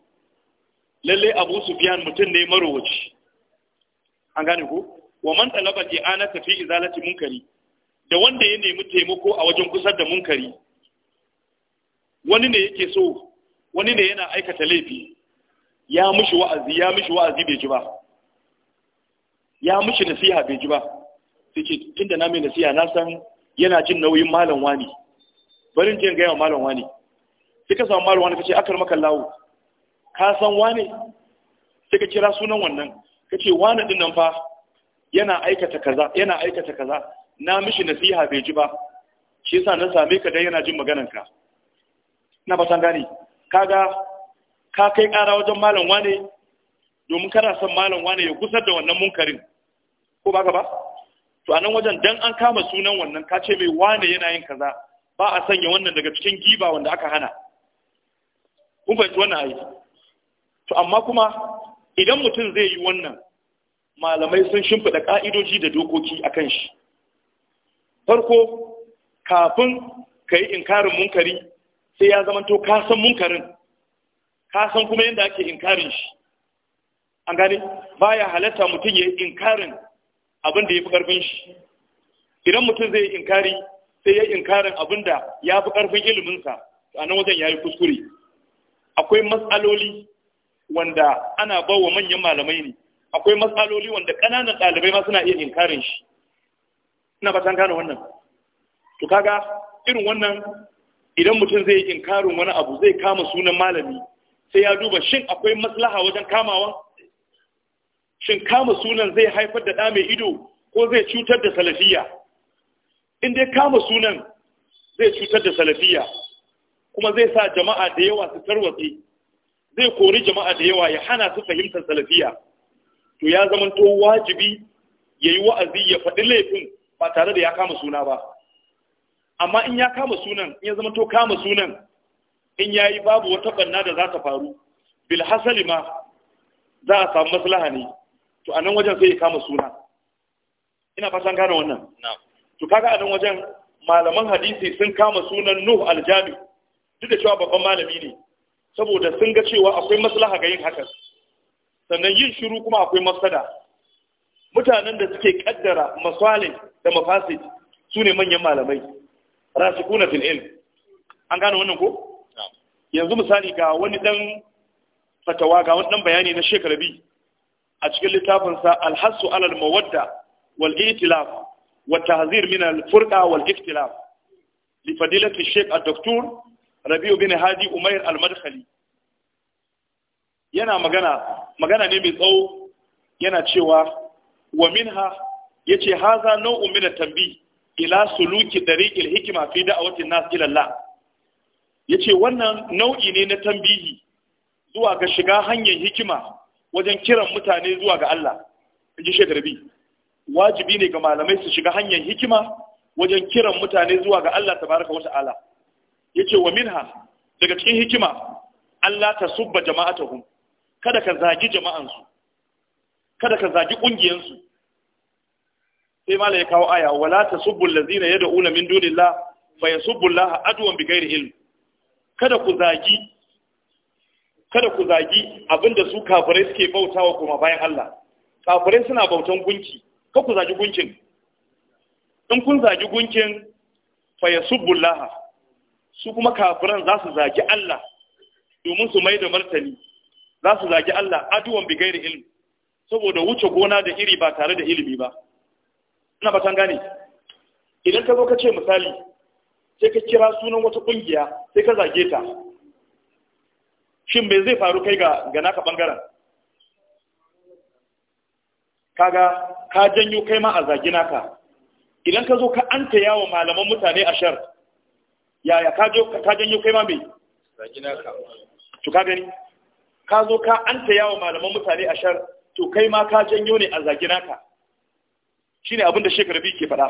lalle abu sufyan mutum ne marowaci an gane ko wa man talaba ana fi izalati munkari da wanda ya nemi taimako a wajen kusar da munkari wani ne yake so wani ne yana aikata laifi ya mishi wa'azi ya mishi wa'azi bai ji ba ya mishi nasiha bai ji ba sai ce tunda na mai nasiha na san yana jin nauyin malam wani Barin in gaya ga yawa malam wani sai ka samu malon wani ce akar maka lawo ka san wani sai ka kira sunan wannan ce wani din nan fa yana aikata kaza yana aikata kaza na mishi nasiha bai ji ba shi yasa na same ka dan yana jin maganar ka ina ba san Ka kaga ka kai ƙara wajen malon wani domin kana son malon wani ya gusar da wannan munkarin ko ba ka ba to anan wajen dan an kama sunan wannan ka ce mai wane yana yin kaza ba a sanya wannan daga cikin giba wanda aka hana kun fahimci wannan aiki to amma kuma idan mutum zai yi wannan malamai sun shimfiɗa ƙa'idoji da dokoki a kan shi farko kafin ka yi inkarin munkari sai ya zamanto ka san munkarin ka san kuma yadda ake inkarin shi an gane baya halatta mutum ya yi inkarin abin da ya fi ƙarfin shi idan mutum zai yi inkari sai ya inkarin abin da ya fi ƙarfin iliminsa a nan wajen ya yi kuskure akwai matsaloli wanda ana ba wa manyan malamai ne akwai matsaloli wanda ƙananan ɗalibai ma suna iya inkarin shi ina ba gane wannan to kaga irin wannan idan mutum zai yi inkarin wani abu zai kama sunan malami sai ya duba shin akwai maslaha wajen kamawa shin kama sunan zai haifar da ɗa mai ido ko zai cutar da salafiya in dai kama sunan zai cutar da salafiya kuma zai sa jama'a da yawa su tarwatsi zai kori jama'a da yawa ya hana su fahimtar salafiya to ya zamanto wajibi ya yi wa'azi ya faɗi laifin ba tare da ya kama suna ba amma in ya kama sunan in ya zamanto kama sunan in ya yi babu wata ɓanna da za ta faru bilhassali ma za a samu maslaha ne to a nan wajen sai ya kama suna ina fatan gane wannan na'am to kaga a nan wajen malaman hadisi sun kama sunan Nuh aljami duk da cewa babban malami ne saboda sun ga cewa akwai maslaha ga yin hakan sannan yin shiru kuma akwai masada. mutanen da suke kaddara masalih da mafasid su ne manyan malamai rasikuna fil ilm an gane wannan ko yanzu misali ga wani dan fatawa ga wani dan bayani na shekara bi a cikin littafinsa alhassu alal mawadda wal itilaf والتحذير من الفرقة والاختلاف لفضيلة a الدكتور ربيع بن هادي أمير المدخلي yana magana magana ne mai tsawo yana cewa wa minha yace haza nau'un min at-tanbi ila suluki dariqil hikima fi da'wati nas ila Allah yace wannan nau'i ne na tambihi zuwa ga shiga hanyar hikima wajen kiran mutane zuwa ga Allah inji Sheikh Rabi' wajibi ne ga malamai su shiga hanyar hikima wajen kiran mutane zuwa ga Allah tabaraka wa ta'ala yace wa minha daga cikin hikima Allah ta subba jama'atuhum kada ka zagi jama'ansu kada ka zagi su sai malai ya kawo aya wala tasubbu allazina yad'una min dunillah fa yasubbu Allah adwan bighairi ilm kada ku zagi kada ku zagi abinda su kafirai suke bautawa kuma bayan Allah kafirai suna bautan gunki ka ku zagi gunkin in kun zagi gunkin fa yasubbullaha su kuma kafiran za su zagi Allah domin su mai da martani za su zagi Allah aduwan bi gairi ilmi saboda wuce gona da iri ba tare da ilimi ba ina ba gane idan ka zo ka ce misali sai ka kira sunan wata kungiya sai ka zage ta shin me zai faru kai ga ga naka bangaren kaga ka janyo kai ma a zagi naka idan ka zo ka anta yawo malaman mutane a shar yaya ka janyo kai ma mai zagi naka to ka gani ka zo ka anta yawo malaman mutane a shar to kai ma ka janyo ne a zagi naka shine abin da shekar biyu ke faɗa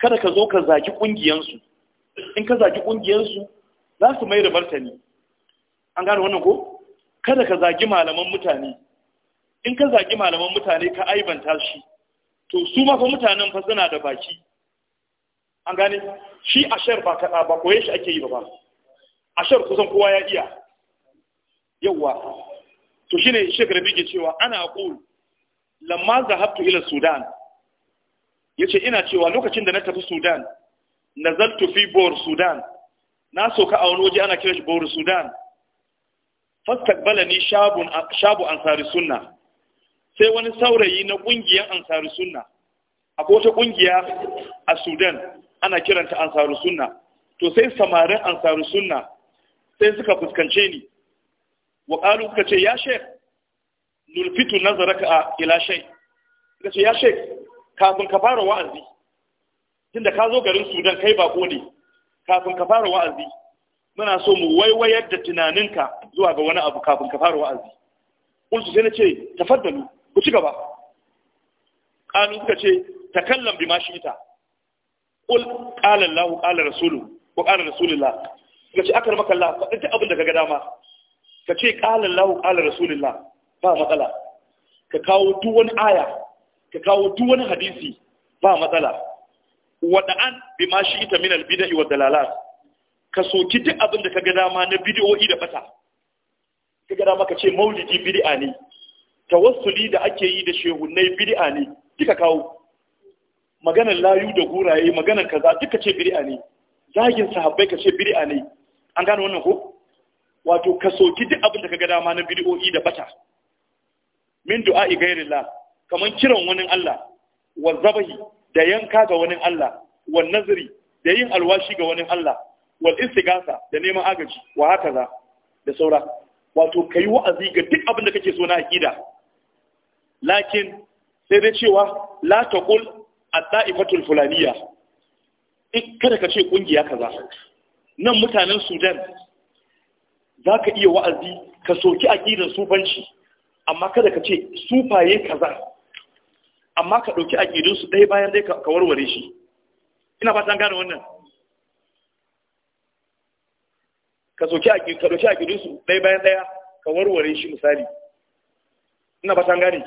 kada ka zo ka zagi ƙungiyansu in ka zagi ƙungiyansu za su mai da martani an gane wannan ko kada ka zagi malaman mutane in ka zaki malaman mutane ka aibanta shi to su ma fa mutanen fa suna da baki an gane shi ashar ba kaɗa ba koye shi ake yi ba ba ashar kusan kowa ya iya yawwa to shine shek rabi ke cewa ana qul lamma zahabtu ila sudan yace ina cewa lokacin da na tafi sudan nazaltu fi bor sudan na soka a wani waje ana kira shi bor sudan fastaqbalani shabun shabu ansari sunna sai wani saurayi na ƙungiyar ansaru sunna a wata ƙungiya a sudan ana kiranta ansaru sunna to sai samarin ansaru sunna sai suka fuskance ni wa ƙalu suka ce ya shek nulfitu nazaraka a ila suka ce ya shek kafin ka fara wa'azi tunda ka zo garin sudan kai bako ne kafin ka fara wa'azi muna so mu waiwayar da tunaninka zuwa ga wani abu kafin ka fara wa'azi kulsu sai na ce tafaddalu ku ci gaba kanu suka ce ta bi ma shi ita ƙul ƙalar lahu ƙalar rasulu ko ƙalar rasulullah suka ce akar maka allah ta abin da ka gada dama ka ce ƙalar lahu ƙalar rasulullah ba matsala ka kawo duk wani aya ka kawo duk wani hadisi ba matsala wada'an bi ma shi ita min al-bid'i wa dalalat ka soki duk abin da ka gada dama na bid'o'i da fata gada dama ka ce maulidi bid'a ne tawassuli da ake yi da shehunnai bid'a ne kika kawo maganar layu da guraye maganar kaza duka ce bid'a ne zagin sahabbai ka ce bid'a ne an gane wannan ko wato ka soki duk abin da ga dama na bid'o'i da bata min du'a'i ghairillah kaman kiran wani Allah wa zabahi da yanka ga wani Allah wa nazri da yin alwashi ga wani Allah wal istighatha da neman agaji wa hakaza da saura wato ka yi wa'azi ga duk abin da kake so na aƙida lakin sai dai cewa la ta ƙul a ɗa'ifatul fulaniya in kada ka ce ƙungiya kaza nan mutanen sudan za ka iya wa'azi ka soki aƙidan sufanci amma kada ka ce sufaye kaza amma ka ɗauki aƙidinsu ɗaya bayan dai ka warware shi ina fatan gane wannan ka soki ka doki akidinsu ɗaya bayan ɗaya ka warware shi misali ina ba tan gane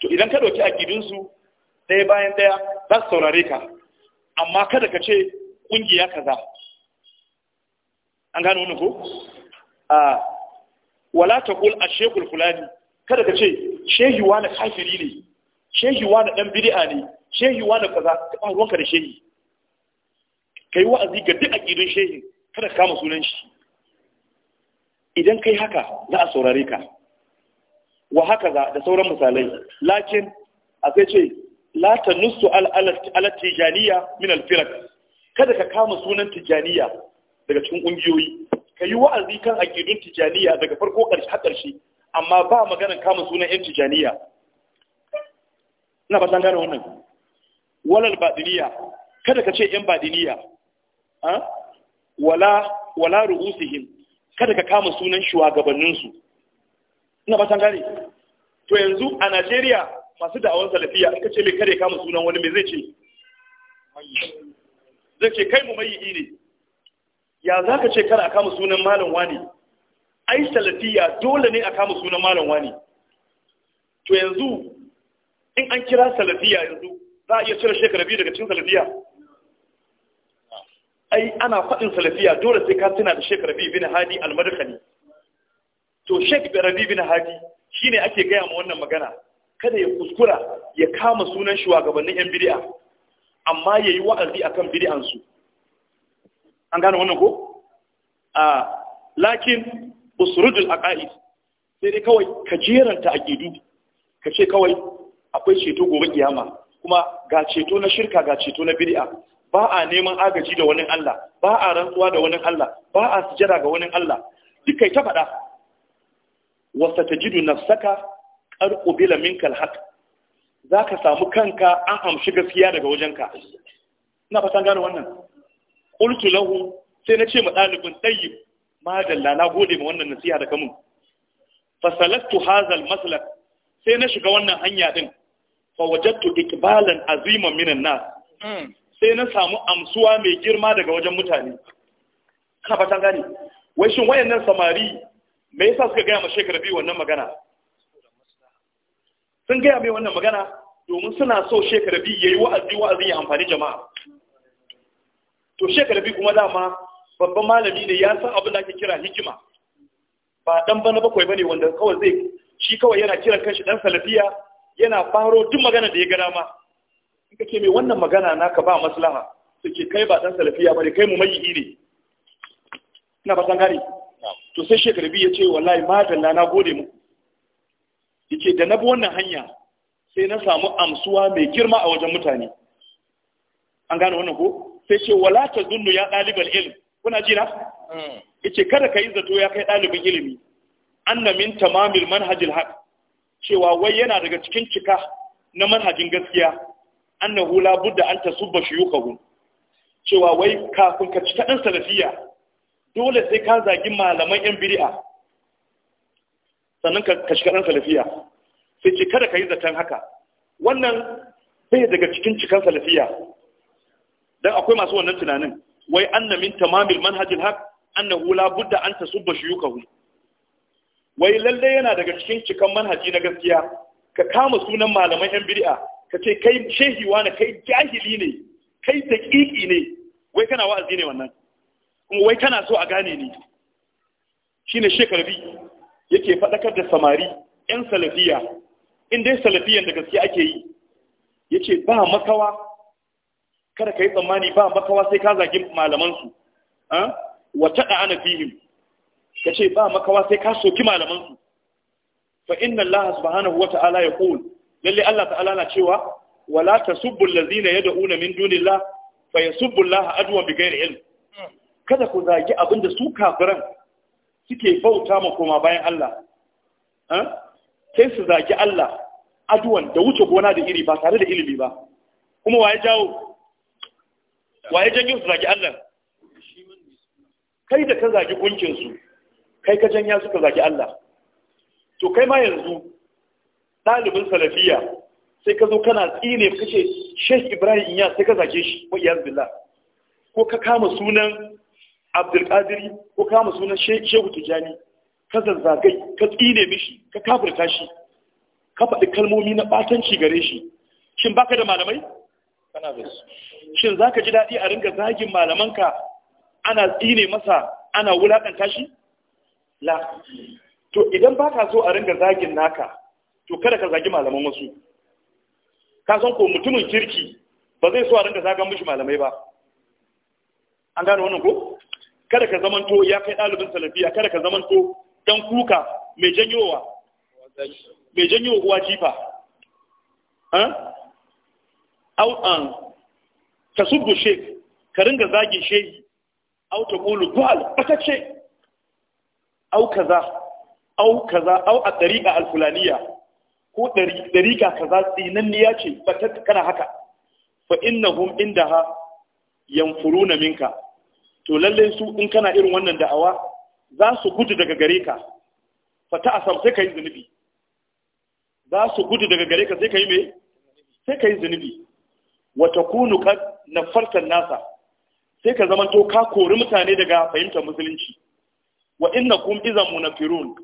to idan ka doki su ɗaya bayan ɗaya za su saurare ka amma kada ka ce ƙungiya kaza an gane wani ko a wala ta kul a shekul fulani kada ka ce shehi wani kafiri ne shehi wani ɗan bid'a ne shehi wani kaza ka ruwanka da shehi kai wa'azi ga duk aƙidun shehi. kada ka kama sunan shi idan kai haka za a saurare ka wa haka za da sauran misalai lakin a sai ce la ta nusu ala tijaniya min alfirak kada ka kama sunan tijaniya daga cikin kungiyoyi ka yi wa'azi kan aƙidun tijaniya daga farko ƙarshe har ƙarshe amma ba maganar kama sunan yan tijaniya ina ba san gane wannan walal badiniya kada ka ce yan badiniya ah? wala wala ru'usihim kada ka kama sunan shugabanninsu ina ba gane to yanzu a Najeriya masu da'awan salafiya in kace me mai kare kama sunan wani me zai ce zai ce kai mu mayi ne ya za ka ce kar a kama sunan malam wani ai salafiya dole ne a kama sunan malam wani to yanzu in an kira salafiya yanzu za a iya cire shekara biyu daga cikin salafiya ai ana faɗin salafiya dole sai ka tuna da Sheikh Rabi bin Hadi al to Sheikh Rabi bin Hadi shine ake gaya ma wannan magana kada ya kuskura ya kama sunan shugabannin yan bid'a amma yayi wa'azi akan bid'an su an gane wannan ko a lakin usrudul aqaid sai dai kawai ka jeranta aqidu ka ce kawai akwai ceto gobe kiyama kuma ga ceto na shirka ga ceto na bid'a ba a neman agaji da wani Allah ba a rantsuwa da wani Allah ba a sujada ga wani Allah duka kai ta faɗa wasta tajidu nafsaka qarqubila minka alhaq zaka samu kanka an amshi gaskiya daga wajenka ina fatan gane wannan qultu lahu sai na ce ma dalibin tayyib madalla na gode ma wannan nasiha da kamun Salatu hadha almaslak sai na shiga wannan hanya din fa wajadtu ikbalan aziman minan nas hmm. sai na samu amsuwa mai girma daga wajen mutane kana fata gane wai shin wayannan samari me yasa suka gaya ma shekara biyu wannan magana sun gaya mai wannan magana domin suna so shekara biyu yayi wa'azi wa'azi ya amfani jama'a to shekara biyu kuma dama babban malami ne ya san abin da ake kira hikima ba dan bana bakwai bane wanda kawai zai shi kawai yana kiran kanshi dan salafiya yana faro duk magana da ya ga dama in ka ce mai wannan magana na ka ba maslaha su ke kai ba ɗan salafiya ba ne kai mu mai ne ina ba san to sai biyu ya ce wallahi madalla na gode mu ya ce da na bi wannan hanya sai na samu amsuwa mai girma a wajen mutane an gane wannan ko sai ce wala ta zunnu ya ɗaliban ilm kuna ji na hmm. ce kada ka yi zato ya kai ɗalibin ilimi anna min tamamil manhajil haq cewa wai yana daga cikin cika na manhajin gaskiya annahu la budda an tasubba shuyukahum cewa wai kafin ka ci kadan salafiya dole sai ka zagi malaman yan bid'a sannan ka ci kadan salafiya sai ce kada ka yi zaton haka wannan sai daga cikin cikan salafiya dan akwai masu wannan tunanin wai anna min tamamil manhajil haq annahu la budda an tasubba shuyukahum wai lalle yana daga cikin cikan manhaji na gaskiya ka kama sunan malaman yan bid'a ka ce kai shehi ne? kai jahili ne kai daƙiƙi ne wai kana wa'azi ne wannan kuma wai kana so a gane ni shine shekarbi yake faɗakar da samari yan salafiya in dai salafiyan da gaske ake yi yace ba makawa kada ka yi tsammani ba makawa sai ka zagi malamansu wata ana fihim ka ba makawa sai ka soki malamansu fa inna allaha subhanahu wa ta'ala ya lalle Allah ta'ala na cewa wala tasubbu allazina yad'una min dunillah fa yasubbu Allah adwa bighairi ilm kada ku zagi abinda su kafiran suke bauta ma koma bayan Allah sai su zagi Allah adwan da wuce gona da iri ba tare da ilimi ba kuma waye jawo waye janyo su zagi Allah kai da ka zagi gunkin su kai ka janya suka zagi Allah to kai ma yanzu ɗalibin salafiya sai ka zo kana tsine ka ce sheikh ibrahim inya sai ka zage shi wa iyaz billah ko ka kama sunan abdulkadiri ko kama sunan shehu tijani ka zazzagai ka tsine mishi ka kafirta shi ka faɗi kalmomi na ɓatanci gare shi shin baka da malamai kana za ka ji daɗi a ringa zagin malamanka ana tsine masa ana wulaƙanta shi la to idan baka so a ringa zagin naka to kada ka zagi malaman wasu ka san ko mutumin kirki ba zai so a rinka zagan mishi malamai ba an gane wannan ko kada ka zamanto ya kai ɗalibin salafiya kada ka zamanto dan kuka mai janyowa mai janyowa uwa jifa au um, an ka subu shek ka ringa zagin shehi au ta kulu duhal ɓatacce au kaza au kaza au a alfulaniya ko dariƙa kaza ya ce ba ta kana haka fa ha indaha na minka to lalle su in kana irin wannan da'awa za su gudu daga gare ka fa ta asar sai ka yi zunubi za su gudu daga gare ka sai ka yi me sai ka yi zunubi Wata kunu na nafartan nasa sai ka zama to ka kori mutane daga fahimtar musulunci wa innakum idan munafirun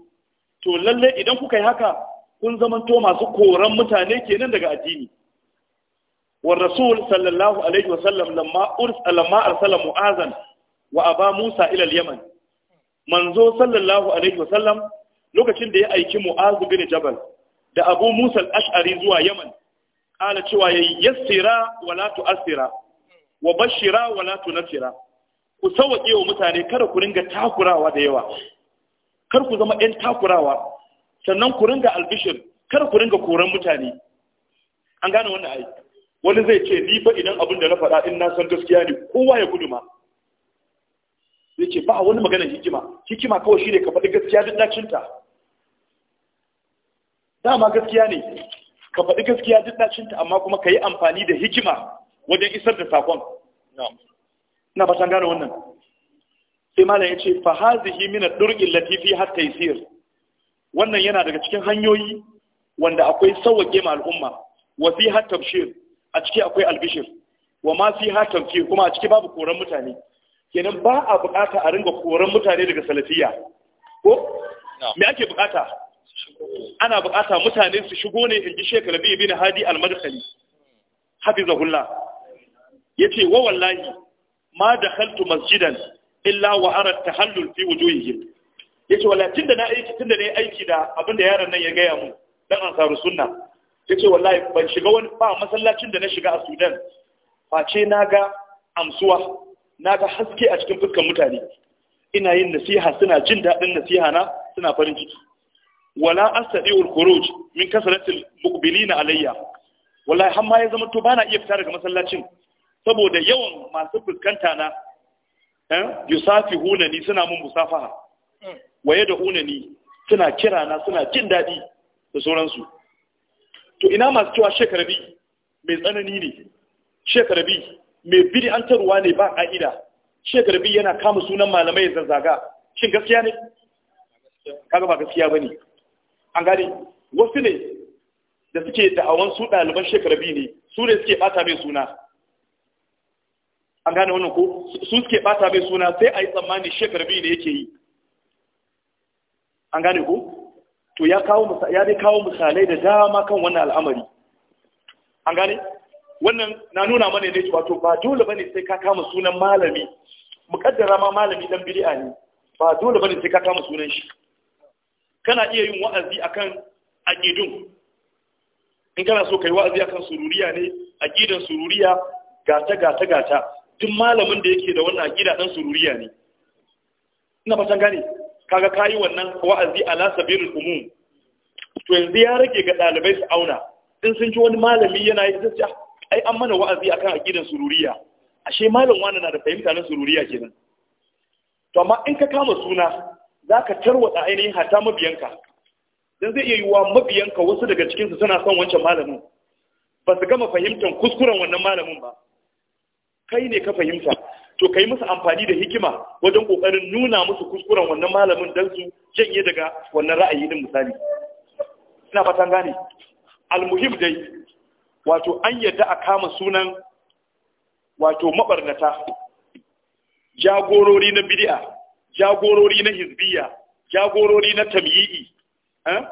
to lalle idan kuka yi haka kun zamanto masu koran mutane kenan daga addini war rasul sallallahu alaihi wa sallam lamma urs lamma arsala mu'azan wa aba musa ila al-yaman manzo sallallahu alaihi wa sallam lokacin da ya aiki mu'az bin jabal da abu musa al-ash'ari zuwa yaman kala cewa yayi yassira wala tu'assira wa bashira wala tunfira ku sauke wa mutane kada ku ringa takurawa da yawa kar ku zama ɗan takurawa sannan ku ringa albishir kar ku ringa koran mutane an gane wannan ai wani zai ce ni fa idan abin da na faɗa in na san gaskiya ne kowa ya gudu ma zai ce ba a wani maganar hikima hikima kawai shine ka faɗi gaskiya duk dacinta dama gaskiya ne ka faɗi gaskiya duk dacinta amma kuma ka yi amfani da hikima wajen isar da saƙon na ba san gane wannan sai malam ya ce fa hazihi min ad-durqi allati ta yi siyar? wannan yana daga cikin hanyoyi wanda akwai sauwake ma al'umma wa fi tabshir a ciki akwai albishir wa ma fi tamkir kuma a ciki babu koran mutane kenan ba a bukata a ringa koran mutane daga salafiya ko me ake bukata ana bukata mutane su shigo ne in ji shekara biyu bin hadi al-madkhali hafizahullah yace wa wallahi ma dakhaltu masjidan illa wa ara tahallul fi wujuhihim ce, wallahi tunda na aiki nayi aiki da abinda yaron nan ya gaya mu dan ansaru sunna yace wallahi ban shiga wani ba masallacin da na shiga a Sudan face ga amsuwa Na ga haske a cikin fuskar mutane ina yin nasiha suna jin daɗin nasiha na suna farin ciki wala astadiul khuruj min kasratil muqbilina alayya wallahi har ma ya zama to bana iya fita daga masallacin saboda yawan masu fuskanta na eh yusafihuna ni suna mun musafaha hmm. waye da unani suna kira na suna jin daɗi da sauransu to ina masu cewa shekarabi mai tsanani ne shekarabi mai taruwa ne ba ka'ida shekarabi yana kama sunan malamai ya zazzaga shin gaskiya ne kaga ba gaskiya ba ne. an gane wasu ne da suke da'awan su ɗaliban shekarabi ne su ne suke ɓata mai suna an gane wannan ko su suke ɓata mai suna sai a yi tsammani shekarabi ne yake yi an gane ku? to ya kawo ya dai kawo misalai da dama kan wannan al'amari an gane wannan na nuna mana ne wato ba dole bane sai ka kama sunan malami mukaddara ma malami dan bid'a ne ba dole bane sai ka kama sunan shi kana iya yin wa'azi akan aqidun in kana so kai wa'azi akan sururiya ne aqidan sururiya gata gata gata duk malamin da yake da wannan aqida dan sururiya ne ina ba san gane kaga kayi wannan wa'azi ala sabirin Umu. to yanzu ya rage ga ɗalibai su auna in sun ji wani malami yana yi zai ah, ai an mana wa'azi akan aqidan sururiya ashe malam wani na da fahimta na sururiya kenan to amma in ka kama suna zaka tarwata ainihin hata mabiyanka dan zai iya yiwa mabiyanka wasu daga cikin su suna son wancan malamin ba su gama fahimtar kuskuren wannan malamin ba kai ne ka fahimta to kai musu amfani da hikima wajen kokarin nuna musu kuskuren wannan malamin dan su janye daga wannan ra'ayi din misali ina fatan gane almuhim dai wato an yadda a kama sunan wato mabarnata jagorori na bid'a jagorori na hizbiya jagorori na tamyi'i eh?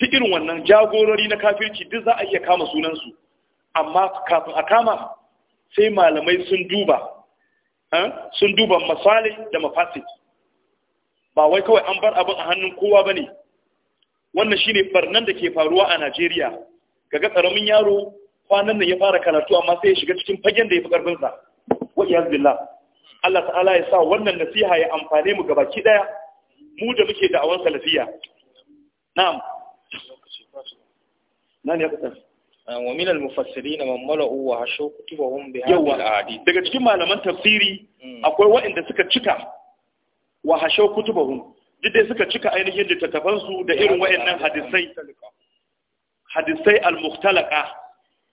duk irin wannan jagorori na kafirci duk za a iya kama sunansu amma kafin a kama sai malamai sun duba Eh? sun duba masali da Mafasit. ba wai kawai an bar abin a hannun kowa ba ne wannan shine barnan da ke faruwa a najeriya kaga karamin yaro kwanan nan ya fara karatu amma sai ya shiga cikin fagen da ya fi ƙarfinsa. wa Allah ta'ala ya sa wannan nasiha ya amfane mu gabaki daya mu da muke da'awan salafiya na'am na ya kasance Ah, wa min al-mufassirin man mala'u wa hashu kutubahum bi hadhihi al daga cikin malaman tafsiri hmm. akwai waɗanda suka cika wa hashu kutubahum duk dai suka cika ainihin littattafan su da irin wa'annan hadisai hadisai al-mukhtalaqa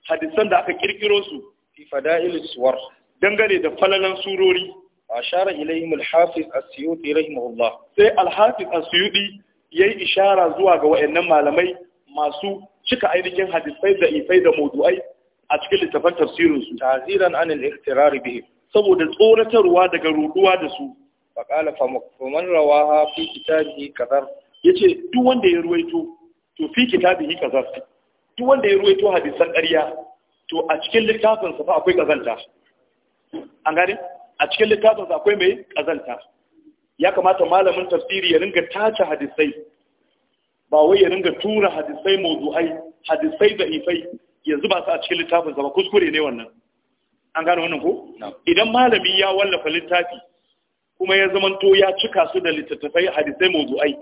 hadisan da aka kirkiro su fi fada'il suwar dangane da falalan surori ashara ilayhim al-hafiz as-suyuti rahimahullah sai al-hafiz as-suyuti yayi ishara zuwa ga wa'annan malamai masu cika ainihin hadisai da ifai da mawdu'ai a cikin littafan tafsirin su taziran anil iktirari bihi saboda tsoratarwa daga ruduwa da su qala fa man rawaha fi kitabihi kadar yace duk wanda ya ruwaito to fi kitabihi kadar duk wanda ya ruwaito hadisan ƙarya to a cikin littafin sa fa akwai kazanta an gane a cikin littafin sa akwai mai kazanta ya kamata malamin tafsiri ya ringa tace hadisai ba wai ya ringa tura hadisai mawdu'ai hadisai da ifai ya zuba su a cikin littafin ba kuskure ne wannan an gane wannan ko idan malami ya wallafa littafi kuma ya zamanto ya cika su da littattafai hadisai mawdu'ai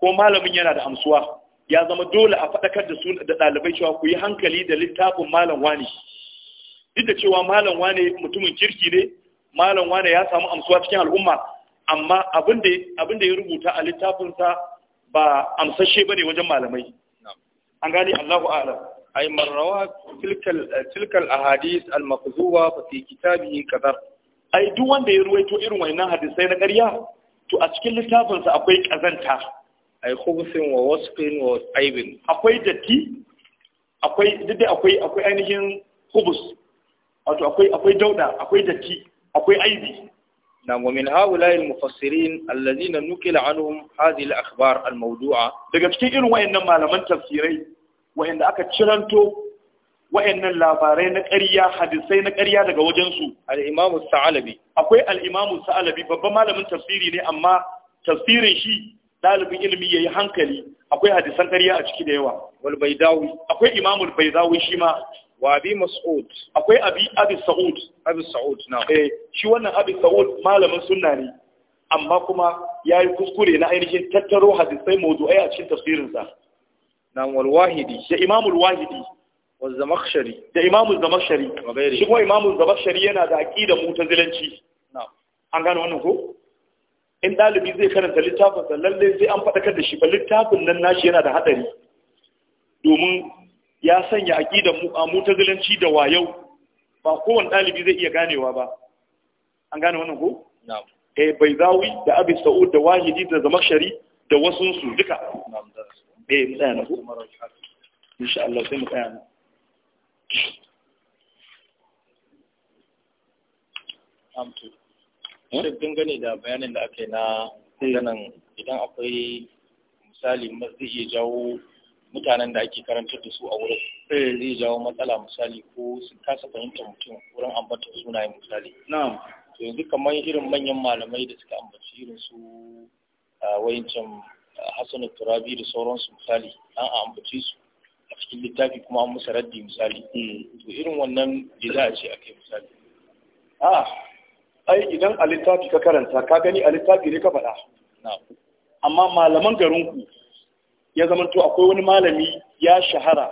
ko malamin yana da amsuwa ya zama dole a faɗakar da su da ɗalibai cewa ku yi hankali da littafin malam wani duk da cewa malam wani mutumin kirki ne malam wani ya samu amsuwa cikin al'umma amma abin da ya rubuta a littafinsa ba amsashe bane wajen malamai an gane Allahu a'ala ay marrawa tilkal tilkal ahadith al maqzuwa fa fi kitabihi kadar ay duk wanda ya ruwaito irin wannan hadisai na ƙarya to a cikin littafinsa akwai kazanta ay khubsin wa wasqin wa aibin akwai datti akwai duk akwai akwai ainihin khubs wato akwai akwai dauda akwai datti akwai aibi نعم ومن هؤلاء المفسرين الذين نقل عنهم هذه الأخبار الموضوعة daga cikin irin wayannan malaman tafsirai wayanda aka ciranto wayannan labarai na ƙarya hadisai na ƙarya daga wajen su al-Imam Sa'alabi akwai al-Imam Sa'alabi babban malamin tafsiri ne amma tafsirin shi dalibin ilimi ya yi hankali akwai hadisan ƙarya a ciki da yawa wal akwai Imam al-Baidawi shi ma wa abi mas'ud akwai abi abi sa'ud abi sa'ud na eh shi wannan abi sa'ud malamin sunna ne amma kuma yayi kuskure na ainihin tattaro hadisai mawdu'ai a cikin tafsirin sa nan wal wahidi da imam al wahidi wa zamakhshari da imamu zamakhshari shi kuma imamu zamakhshari yana da aqida mutazilanci na an gano wannan ko in dalibi zai karanta littafin sa zai sai an faɗakar da shi ba littafin nan nashi yana da hadari domin ya sanya aqidar mutazilanci da wayau ba kowane ɗalibi zai iya ganewa ba an gane wannan ko na'am eh baizawi da abi sa'ud da wahidi da zamakshari da wasu su duka eh mu tsaya na ko insha Allah sai mu tsaya na amtu eh? shi dangane da bayanin da aka yi na eh. ganin idan akwai misali zai ya jawo mutanen da ake karantar da su a wurin eh. zai jawo matsala misali ko su kasa fahimtar mutum wurin ambatar sunayen misali na'am to yanzu kamar irin manyan malamai da suka ambaci irin su wayancan Hassan Turabi da sauransu misali an ambaci su a cikin littafi kuma an musa raddi misali hmm. to irin wannan da za a ce akai misali a ah, ai idan a littafi ka karanta ka gani a littafi ne ka faɗa amma malaman garinku ya zama zamanto akwai wani malami ya shahara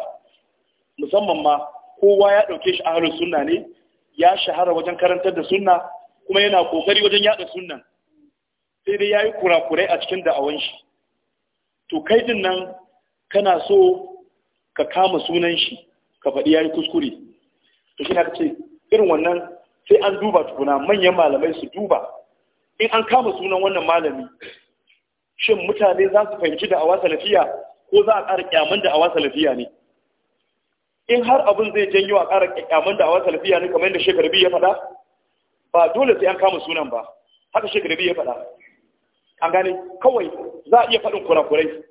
musamman ma kowa ya ɗauke shi ahalus sunna ne ya shahara wajen karantar da sunna kuma yana kokari wajen yada sunnan sai dai yayi kurakurai a cikin da'awan shi to kai din nan kana so ka kama sunan shi ka faɗi yayi kuskure to shi ka ce irin wannan sai an duba tukuna manyan malamai su duba in an kama sunan wannan malami shin mutane za su fahimci da awa salafiya ko za a ƙara kyaman da awa salafiya ne in har abin zai janyo a ƙara kyaman da awa salafiya ne kamar yadda shekaru biyu ya faɗa ba dole sai an kama sunan ba haka shekaru biyu ya faɗa an gane kawai za a iya faɗin kurakurai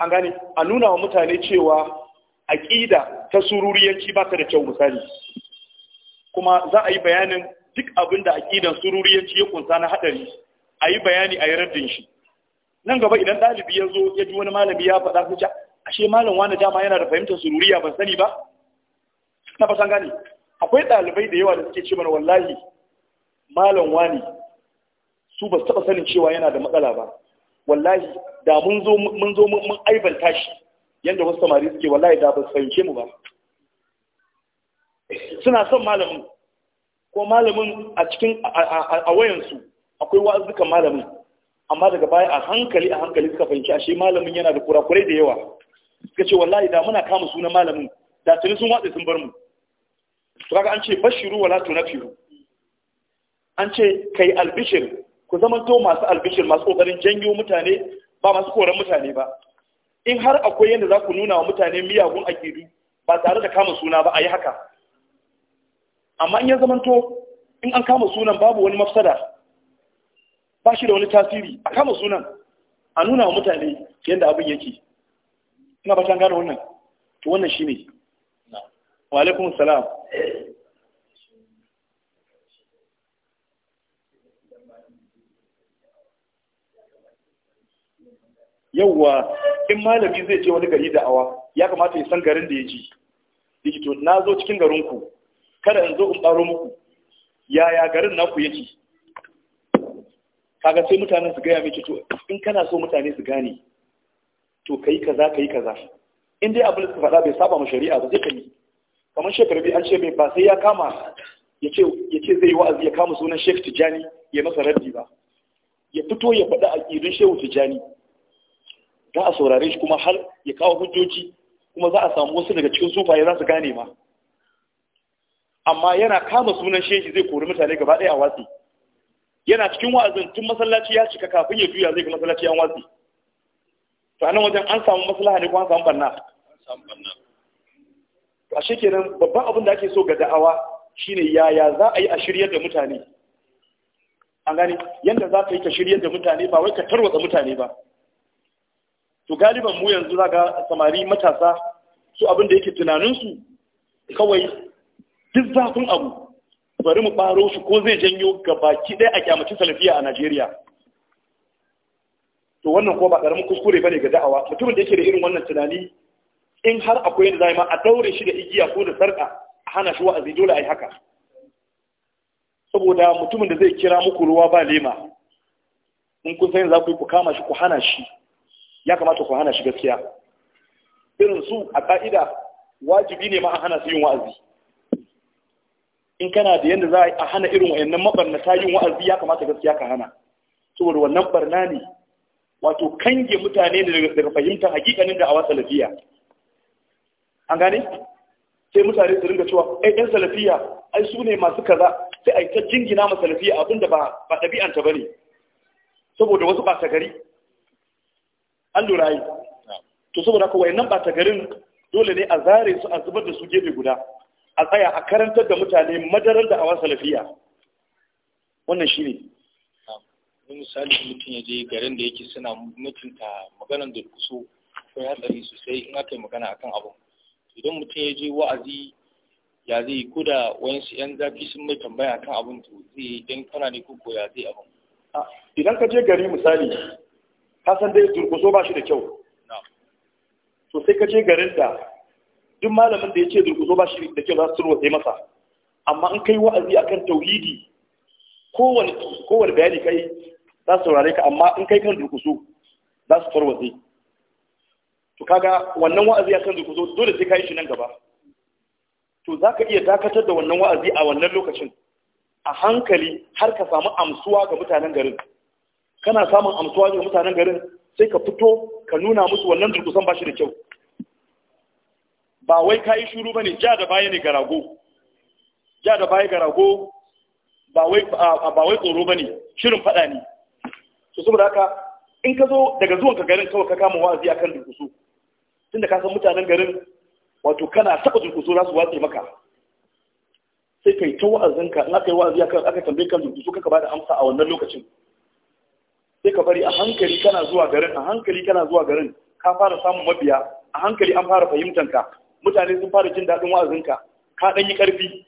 an gane a nuna wa mutane cewa aƙida ta sururiyanci ba ta da kyau misali kuma za a yi bayanin duk abin da aƙidan sururiyanci ya kunsa na haɗari a yi bayani a yi raddin shi nan gaba idan ɗalibi ya zo ya ji wani malami ya faɗa su ashe malam wani dama yana da fahimtar sururiya ban sani ba na fasan gane akwai ɗalibai da yawa da suke ce mana wallahi malam wani su ba su taɓa sanin cewa yana da matsala ba wallahi da mun zo mun zo mun aibanta shi yanda wasu samari suke wallahi da ba su fahimce mu ba suna son malamin ko malamin a cikin a wayansu akwai wazuka malamin amma daga baya a hankali a hankali suka fahimci ashe malamin yana da kurakurai da yawa suka ce wallahi da muna kama sunan malamin da tuni sun watsa sun bar mu to kaga an ce bashiru wala tunafiru an ce kai albishir ku zamanto masu albishir masu kokarin janyo mutane ba masu koran mutane ba in har akwai yadda za ku nuna wa mutane miyagun akidu ba tare da kama suna ba a yi haka amma in ya zamanto in an kama sunan babu wani mafsada ba shi da wani tasiri a kama sunan a nuna wa mutane yadda abin yake ina ba ta gane wannan to wannan shi ne wa alaikun salam yauwa in malami zai ce wani gari da'awa ya kamata ya san garin da ya ji likito na zo cikin garinku kada in zo in ɓaro muku yaya garin naku yake kaga sai mutanen su gaya miki to in kana so mutane su gane to kai kaza kai kaza in dai abin da faɗa bai saba ma shari'a ba zai kai kamar Shekaru biyu an ce mai ba sai ya kama ya ce zai wa'azi ya kama sunan Sheikh tijani ya masa raddi ba ya fito ya faɗa a ƙirin Sheikh tijani za a saurare shi kuma har ya kawo hujjoji kuma za a samu wasu daga cikin sufaye za su gane ma amma yana kama sunan shehi zai kori mutane gaba ɗaya a watsi yana cikin wa'azin tun masallaci ya cika kafin ya juya zai ga masallaci an watsi to anan wajen an samu maslaha ne ko an samu barna an samu to ashe kenan babban abin da ake so ga da'awa shine yaya za a yi a shiryar da mutane an gani yanda za ka yi ka shiryar da mutane ba wai ka tarwatsa mutane ba to galiban mu yanzu za ga samari matasa su abin da yake tunaninsu kawai duk zafin abu bari mu ɓaro su ko zai janyo ga baki ɗaya a kyamacin salafiya a Najeriya. To wannan ko ba ƙaramin kuskure ba ne ga da'awa, mutumin da yake da irin wannan tunani in har akwai yadda zai ma a daure shi da igiya ko da sarƙa a hana shi wa'azi dole a yi haka. Saboda mutumin da zai kira muku ruwa ba lema, in kun san za ku yi ku kama shi ku hana shi, ya kamata ku hana shi gaskiya. Irin su a ƙa'ida wajibi ne ma a hana su yin wa'azi. in kana da yadda za a hana irin wayannan mabarnata yin wa'azi ya kamata gaskiya ka hana saboda wannan barna ne wato kange mutane daga fahimtar hakikanin da a wasa lafiya. an gane sai mutane su ringa cewa ai ɗan salafiya ai su ne masu kaza sai ai ta jingina ma salafiya abinda ba ba ɗabi'anta ba ne saboda wasu ɓata gari an lura yi to saboda kawai nan ɓata garin dole ne a zare su a zubar da su gefe guda a tsaya a karantar da mutane madarar da awon salafiya wannan shi ne misali mutum ya je garin da yake suna mutunta maganar da kuso ya tsari sosai in aka yi magana akan abu idan mutum ya je wa'azi ya zai ko da wayansu yan zafi sun mai tambaya akan abin to zai dan kana ne ko ya zai abin idan ka je gari misali ka san dai durkuso ba shi da kyau to sai ka je garin da duk malamin da ya ce durkuzo ba shi da kyau za su turwa masa amma in kai wa'azi akan tauhidi kowane kowane bayani kai za su saurare ka amma in kai kan durkuzo za su tarwatse to kaga wannan wa'azi akan durkuzo dole sai kai shi nan gaba to za ka iya dakatar da wannan wa'azi a wannan lokacin a hankali har ka samu amsuwa ga mutanen garin kana samun amsuwa ga mutanen garin sai ka fito ka nuna musu wannan durkusan ba shi da kyau ba wai ka yi shuru ba ne ja da baya ne ga rago ja da baya ga rago ba wai tsoro ba ne shirin faɗa ne su saboda haka in ka zo daga zuwan ka garin kawai ka kama wa'azi kan durkusu da ka san mutanen garin wato kana taɓa durkusu za su watse maka sai kai ta wa'azinka in aka yi wa'azi akan aka tambaye kan durkusu kaka ba da amsa a wannan lokacin sai ka bari a hankali kana zuwa garin a hankali kana zuwa garin ka fara samun mabiya a hankali an fara fahimtanka mutane sun fara jin daɗin wa'azinka ka ɗan yi ƙarfi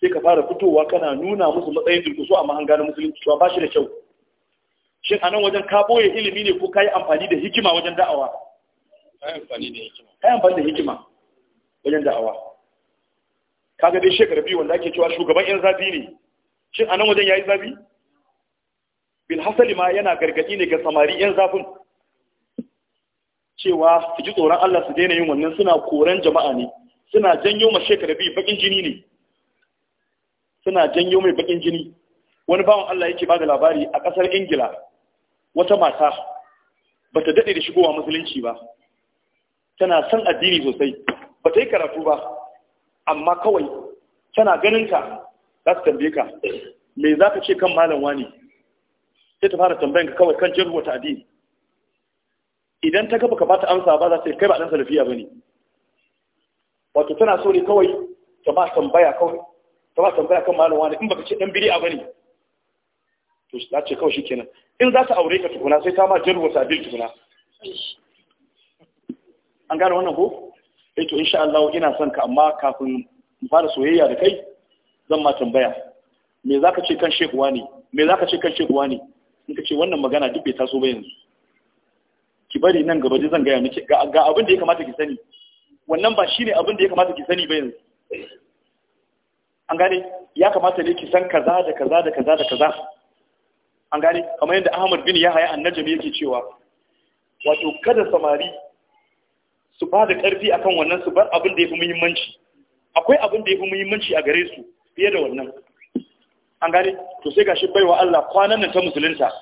sai ka fara fitowa kana nuna musu matsayin durkusu a an gane musulunci cewa ba shi da kyau shin a nan wajen ka ɓoye ilimi ne ko ka yi amfani da hikima wajen da'awa ka yi amfani da hikima wajen da'awa ka ga dai shekara biyu wanda ake cewa shugaban yan zafi ne shin a nan wajen ya yi zafi bil hasali ma yana gargaɗi ne ga samari yan zafin cewa su ji tsoron Allah su daina yin wannan suna koren jama'a ne suna janyo ma shekara biyu bakin jini ne suna janyo mai bakin jini wani bawan Allah yake ba da labari a ƙasar ingila wata mata ba ta daɗe da shigowa musulunci ba tana son addini sosai ba ta yi karatu ba amma kawai tana ganin ka za su tambaye ka me za ka ce kan malam wani sai ta fara tambayan ka kawai kan jirgin wata addini idan ta gaba ka bata amsa ba za ta kai ba dan salafiya bane wato tana so ne kawai ta ba tambaya kawai ta ba tambaya kan malam wani in baka ce dan bid'a bane to za ce kawai shikenan in za ta aure ka tukuna sai ta ma jarwa sabil tukuna an gane wannan ko eh to insha Allah ina son ka amma kafin mu fara soyayya da kai zan ma tambaya me zaka ce kan shekuwa ne me zaka ce kan shekuwa ne in ka ce wannan magana duk bai taso ba yanzu ki bari nan gaba zan gaya miki ga abin da ya kamata ki sani wannan ba shine abin da ya kamata ki sani ba yanzu an gane ya kamata ne ki san kaza da kaza da kaza da kaza an gane kamar yadda Ahmad bin Yahya annajami yake cewa wato kada samari su ba da karfi akan wannan su bar abin da fi muhimmanci akwai abin da fi muhimmanci a gare su fiye da wannan an gane to sai gashi baiwa Allah kwanan nan ta musulunta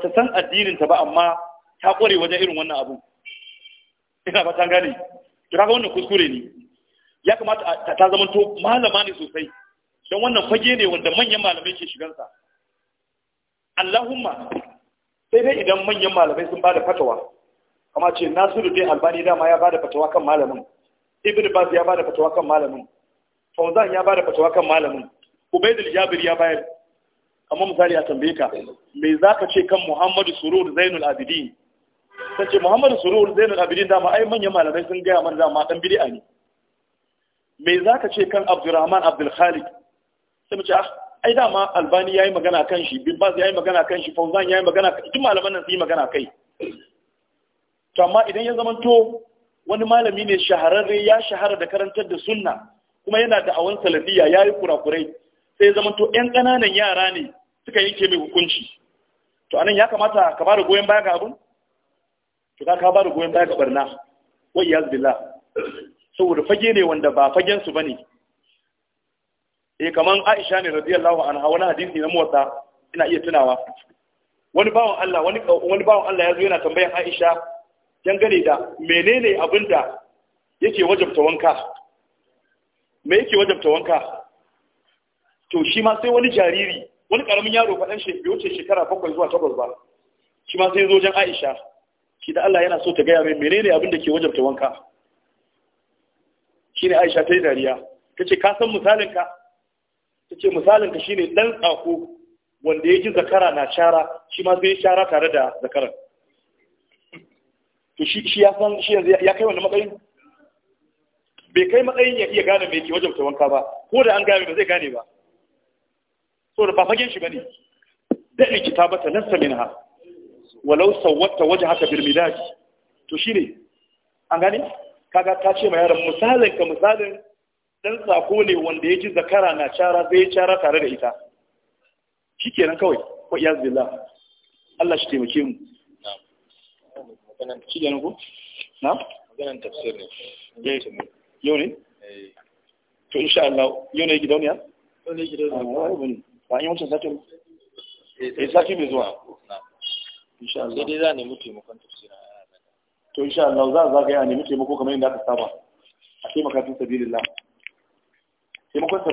ta san addinin ta ba amma ta kware wajen irin wannan abu ina ba ta gane to kaga wannan kuskure ne ya kamata ta zama to malama ne sosai don wannan fage ne wanda manyan malamai ke shigansa Allahumma sai dai idan manyan malamai sun bada fatawa kama ce Nasiru dai Albani dama ya bada fatawa kan malamin Ibn Baz ya bada fatawa kan malamin Fauzan ya bada fatawa kan malamin Ubaidul Jabir ya bayar amma misali a tambaye ka me zaka ce kan Muhammadu Surur Zainul Abidin ta ce muhammadu surur zainul abidin dama ai manyan malamai sun gaya mana dama dan bid'a ne me za ka ce kan abdurrahman abdulkhalik sai mu ce ah, ai dama albani ya yi magana kan shi bin ya yi magana kan shi fauzan ya yi magana kan duk malaman nan su yi magana kai to amma idan ya zama to wani malami ne shahararre ya shahara da karantar da sunna kuma yana da awon salafiya ya yi kurakurai sai ya zama to yan ƙananan yara ne suka yanke mai hukunci to anan ya kamata ka ba goyon baya ga abun to ka ka ba da goyon baya ga barna wa iyaz zubila saboda fage ne wanda ba fagen su bane E kaman Aisha ne radiyallahu anha wani hadisi na motsa ina iya tunawa wani bawan Allah wani wani bawan Allah ya zo yana tambayan Aisha dangane da menene abinda yake wajabta wanka me yake wajabta wanka to shi ma sai wani jariri wani karamin yaro faɗan shi bai wuce shekara bakwai zuwa takwas ba shi ma sai zo jan Aisha shi da Allah yana so ta gaya mai menene abin da ke wajabta wanka ne Aisha ta yi dariya ta ce ka san misalinka ta ce misalinka shine ɗan tsako wanda ya ji zakara na shara shi ma zai shara tare da zakaran to shi ya san shi yanzu ya kai wani matsayin bai kai matsayin ya iya gane mai ke wajen ta wanka ba ko da an gane ba zai gane ba so da ba fagen shi ne. da ki kitabata bata nan samina walau sawwata wajhaka bil midad to shine an gani kaga ta ce mai yaron misalin ka misalin dan sako ne wanda ya ji zakara na cara zai cara tare da ita shikenan kawai ko iyaz billah Allah shi taimake mu na'am shikenan ko na'am maganan tafsir ne eh, yau ne eh. to insha Allah yau ne gidauniya yau ne gidauniya ah, ba yi wancan satin eh, eh satin mai zuwa Inshallah! sai dai a nemi tafsira a a a taimakon